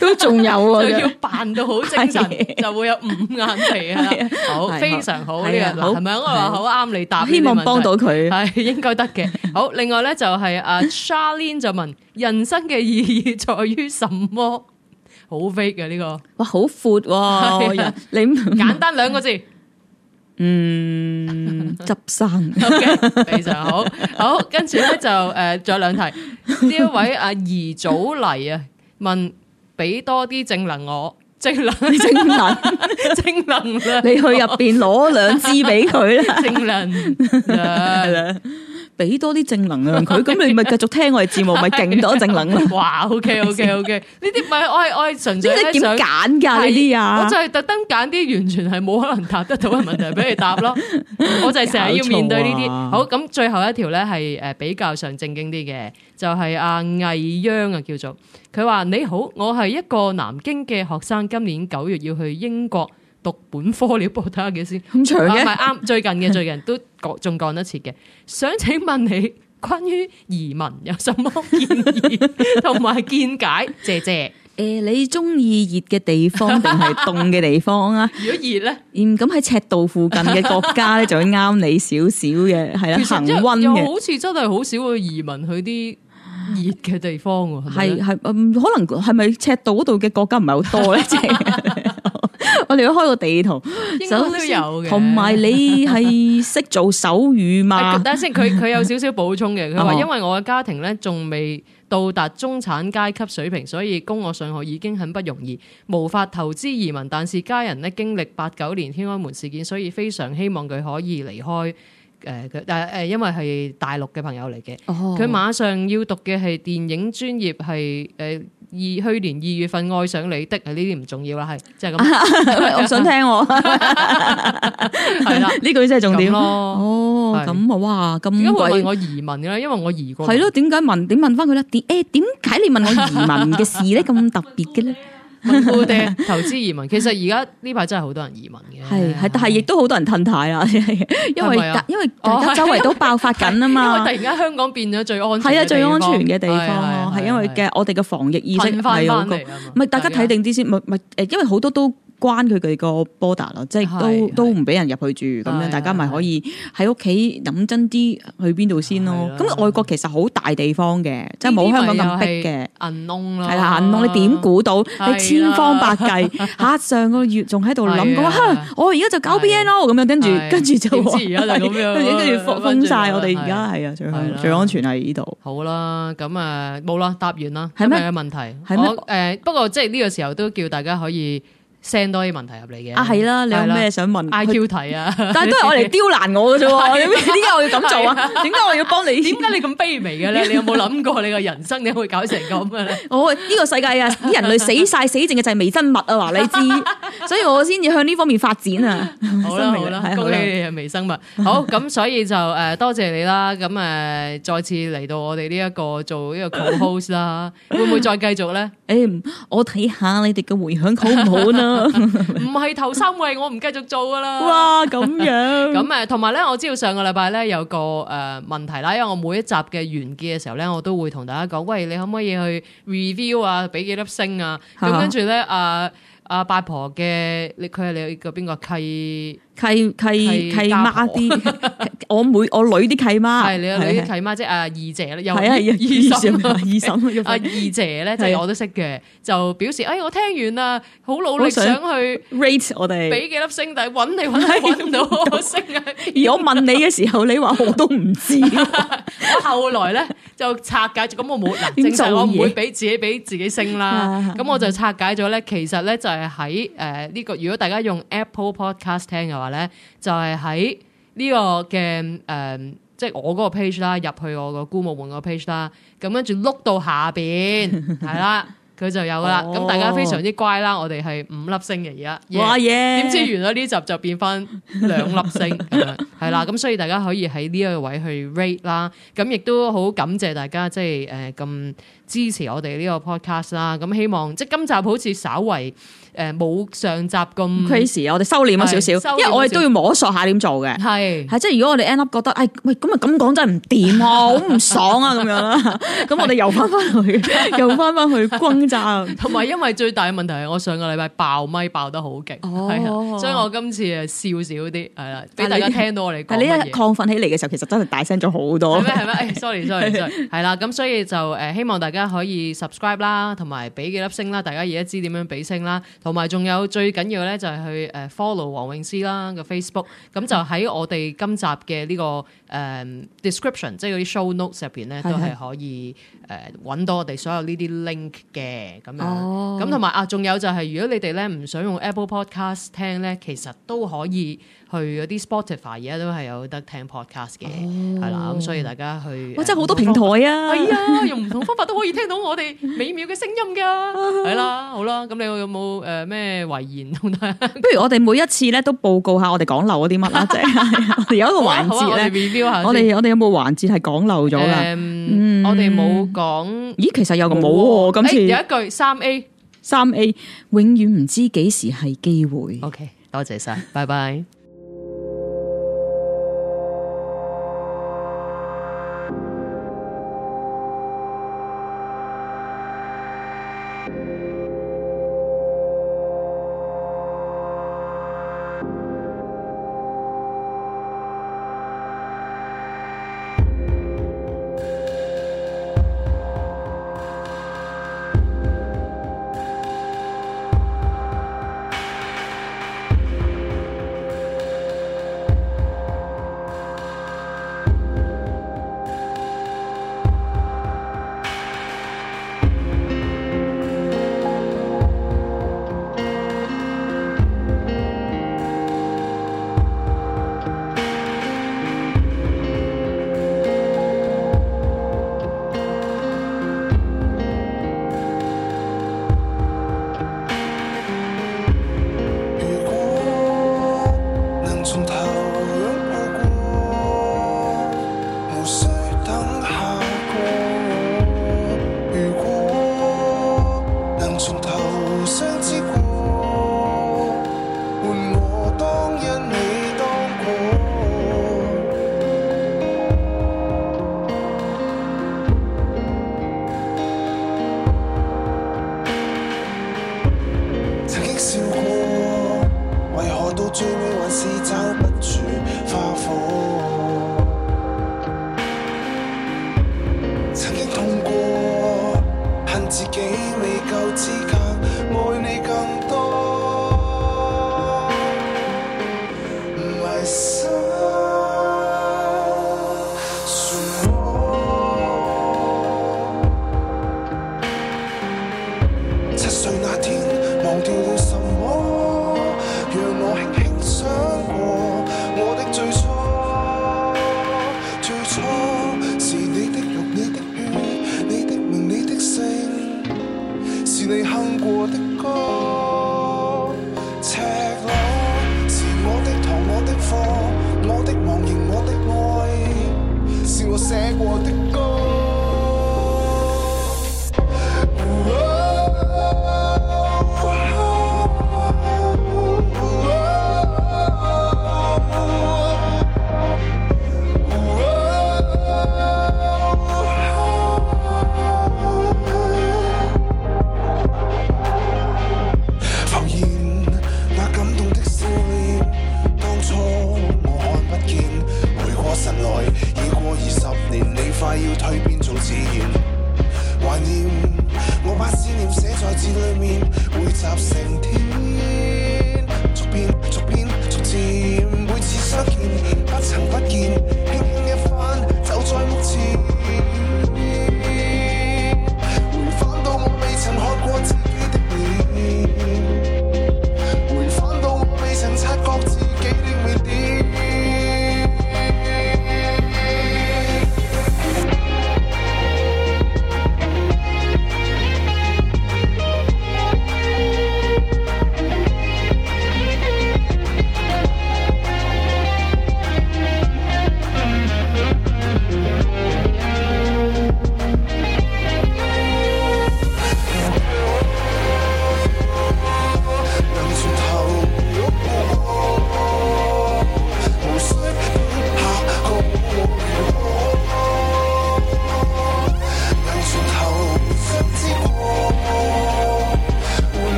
都仲有啊！要扮到好精神，就會有五眼皮啊！好，非常好呢個好，係咪？我話好啱你答，希望幫到佢。係應該得嘅。好，另外咧就係阿 Charlene 就問：人生嘅意義在於什麼？好飛嘅呢個，哇好闊，闊哦、的你簡單兩個字，嗯執生 okay, 非常好，好跟住咧就誒，仲、呃、有兩題，呢位阿姨祖嚟啊，問俾多啲正，正，正,能 *laughs* 正能量我，正能量正能量，你去入邊攞兩支俾佢啦，正能量係啦。俾多啲正能量佢，咁 *laughs* 你咪繼續聽我哋節目，咪勁 *laughs* 多正能量。 *laughs* 哇！OK OK OK，呢啲唔係我係我係純粹。即係點揀㗎？呢啲啊，我就係特登揀啲完全係冇可能答得到嘅問題俾你答咯。 *laughs* *laughs* 我就係成日要面對呢啲。 *laughs* 好咁，最後一條咧係誒比較上正經啲嘅，就係、是、阿魏央啊叫做佢話你好，我係一個南京嘅學生，今年九月要去英國。讀本科了，我睇下幾先。咁長嘅啱、啊，最近嘅最近都仲講得切嘅。想請問你關於移民有什麼建議同埋見解？謝謝 *laughs* 姐。誒、呃，你中意熱嘅地方定係凍嘅地方啊？ *laughs* 如果熱咧，咁喺赤道附近嘅國家咧，就會啱你少少嘅，係啦，恆溫嘅。又好似真係好少去移民去啲熱嘅地方。係係、 *laughs* 呃，可能係咪赤道度嘅國家唔係好多咧？即 *laughs* *laughs* 我哋都開個地圖，應該都有嘅先。同埋你係識做手語嘛？等 *laughs* 下先，佢佢有少少補充嘅。佢話，因為我嘅家庭咧，仲未到達中產階級水平，所以供我上學已經很不容易，無法投資移民。但是家人咧經歷八九年天安門事件，所以非常希望佢可以離開。誒、呃，但係誒，因為係大陸嘅朋友嚟嘅，佢、哦、馬上要讀嘅係電影專業，係誒。呃二去年二月份愛上你的，係呢啲唔重要啦，係即係咁。我想聽我係啦，呢句先係重點咯。哦，咁啊，哇，咁點解會問我移民嘅咧？因為我移過。係咯，點解問？點問翻佢咧？點、欸、誒？點解你問我移民嘅事咧？咁特別嘅咧？ *laughs* 富啲，投資移民其實而家呢排真係好多人移民嘅，係係，吧但係亦都好多人褪軚啦，因為因為大家周圍都爆發緊啊嘛因，因為突然間香港變咗最安係啊最安全嘅地方，係、啊、因為嘅我哋嘅防疫意識係好高，咪大家睇定啲先，咪咪誒，因為好多都。關佢佢個波 o r 啊，即係都都唔俾人入去住咁樣，大家咪可以喺屋企飲真啲去邊度先咯。咁外國其實好大地方嘅，即係冇香港咁逼嘅。銀窿咯，係銀窿，你點估到？你千方百計吓，上個月仲喺度諗，佢我而家就搞 B N 咯，咁樣，跟住跟住就，跟住跟住封晒。我哋而家係啊，最安全係呢度。好啦，咁啊冇啦，答完啦。係咩問題？我誒，不過即係呢個時候都叫大家可以。send 多啲問題入嚟嘅，啊係啦，你有咩想問 IQ 題啊？但係都係我嚟刁難我嘅啫，點解我要咁做啊？點解我要幫你？點解你咁卑微嘅咧？你有冇諗過你個人生你會搞成咁嘅咧？我呢個世界啊，啲人類死晒死淨嘅就係微生物啊！話你知，所以我先要向呢方面發展啊！好啦好啦，恭喜你係微生物。好咁，所以就誒多謝你啦。咁誒，再次嚟到我哋呢一個做呢個 co-host 啦，會唔會再繼續咧？誒，我睇下你哋嘅回響好唔好啦。唔係 *laughs* 頭三位，我唔繼續做噶啦。哇，咁樣咁誒，同埋咧，我知道上個禮拜咧，有個誒問題啦，因為我每一集嘅完結嘅時候咧，我都會同大家講，喂，你可唔可以去 review 啊，俾幾粒星啊？咁 *laughs* 跟住咧，阿、啊、阿八婆嘅，你佢係你個邊個契？契契契媽啲，我妹我女啲契媽，係你女啲契媽，即係阿二姐又係啊二嬸二嬸，阿二姐咧就係我都識嘅，就表示誒我聽完啦，好努力想去 rate 我哋，俾幾粒星，但係揾你揾都揾唔到我星啊！而我問你嘅時候，你話我都唔知。後來咧就拆解咁，我冇，點做我唔會俾自己俾自己星啦。咁我就拆解咗咧，其實咧就係喺誒呢個，如果大家用 Apple Podcast 聽嘅話。咧就係喺呢個嘅誒，即係我嗰個 page 啦，入去我個菇掌門個 page 啦，咁跟住碌到下邊係啦，佢就有啦。咁大家非常之乖啦，我哋係五粒星嘅而家，哇耶，點知原來呢集就變翻兩粒星，係啦。咁所以大家可以喺呢一個位去 rate 啦，咁亦都好感謝大家即係誒咁支持我哋呢個 podcast 啦。咁希望即係今集好似稍為。誒冇上集咁 crazy 啊！我哋收斂咗少少，因為我哋都要摸索下點做嘅。係係即係如果我哋 end up 覺得誒喂咁啊咁講真係唔掂啊，好唔爽啊咁樣啦。咁我哋又翻返去，又翻返去轟炸。同埋因為最大嘅問題係我上個禮拜爆咪爆得好勁，所以我今次笑少少啲係啦，俾大家聽到我哋。但係你一亢奮起嚟嘅時候，其實真係大聲咗好多。係咩係咩？誒，sorry sorry sorry。係啦，咁所以就誒希望大家可以 subscribe 啦，同埋俾幾粒星啦。大家而家知點樣俾星啦。同埋仲有最緊要咧，就係去 follow 黃詠詩啦個 Facebook，咁就喺我哋今集嘅呢、這個。誒、嗯、description 即係嗰啲 show notes 入邊咧，都係可以誒揾的到我哋所有呢啲 link 嘅咁樣。咁同埋啊，仲有就係、是、如果你哋咧唔想用 Apple Podcast 聽咧，其實都可以去嗰啲 Spotify，而家都係有得聽 podcast 嘅，係啦、哦。咁所以大家去，哇、哦嗯哦！真係好多平台啊、嗯，係、哦、啊， *laughs* 用唔同方法都可以聽到我哋美妙嘅聲音嘅，係、哦、啦，好啦。咁你有冇誒咩遺言？同 *laughs* 得 *laughs* ，不如我哋每一次咧都報告下我哋講漏咗啲乜啦，即係 *laughs* *laughs* *laughs* *laughs* *laughs* 有一個環節咧。 *laughs* *laughs* *laughs* 我哋我哋有冇環節係講漏咗噶？嗯，我哋冇講。咦，其實有個冇喎，今次有一句三 A 三 A，永遠唔知幾時係機會。OK，多謝晒，拜拜。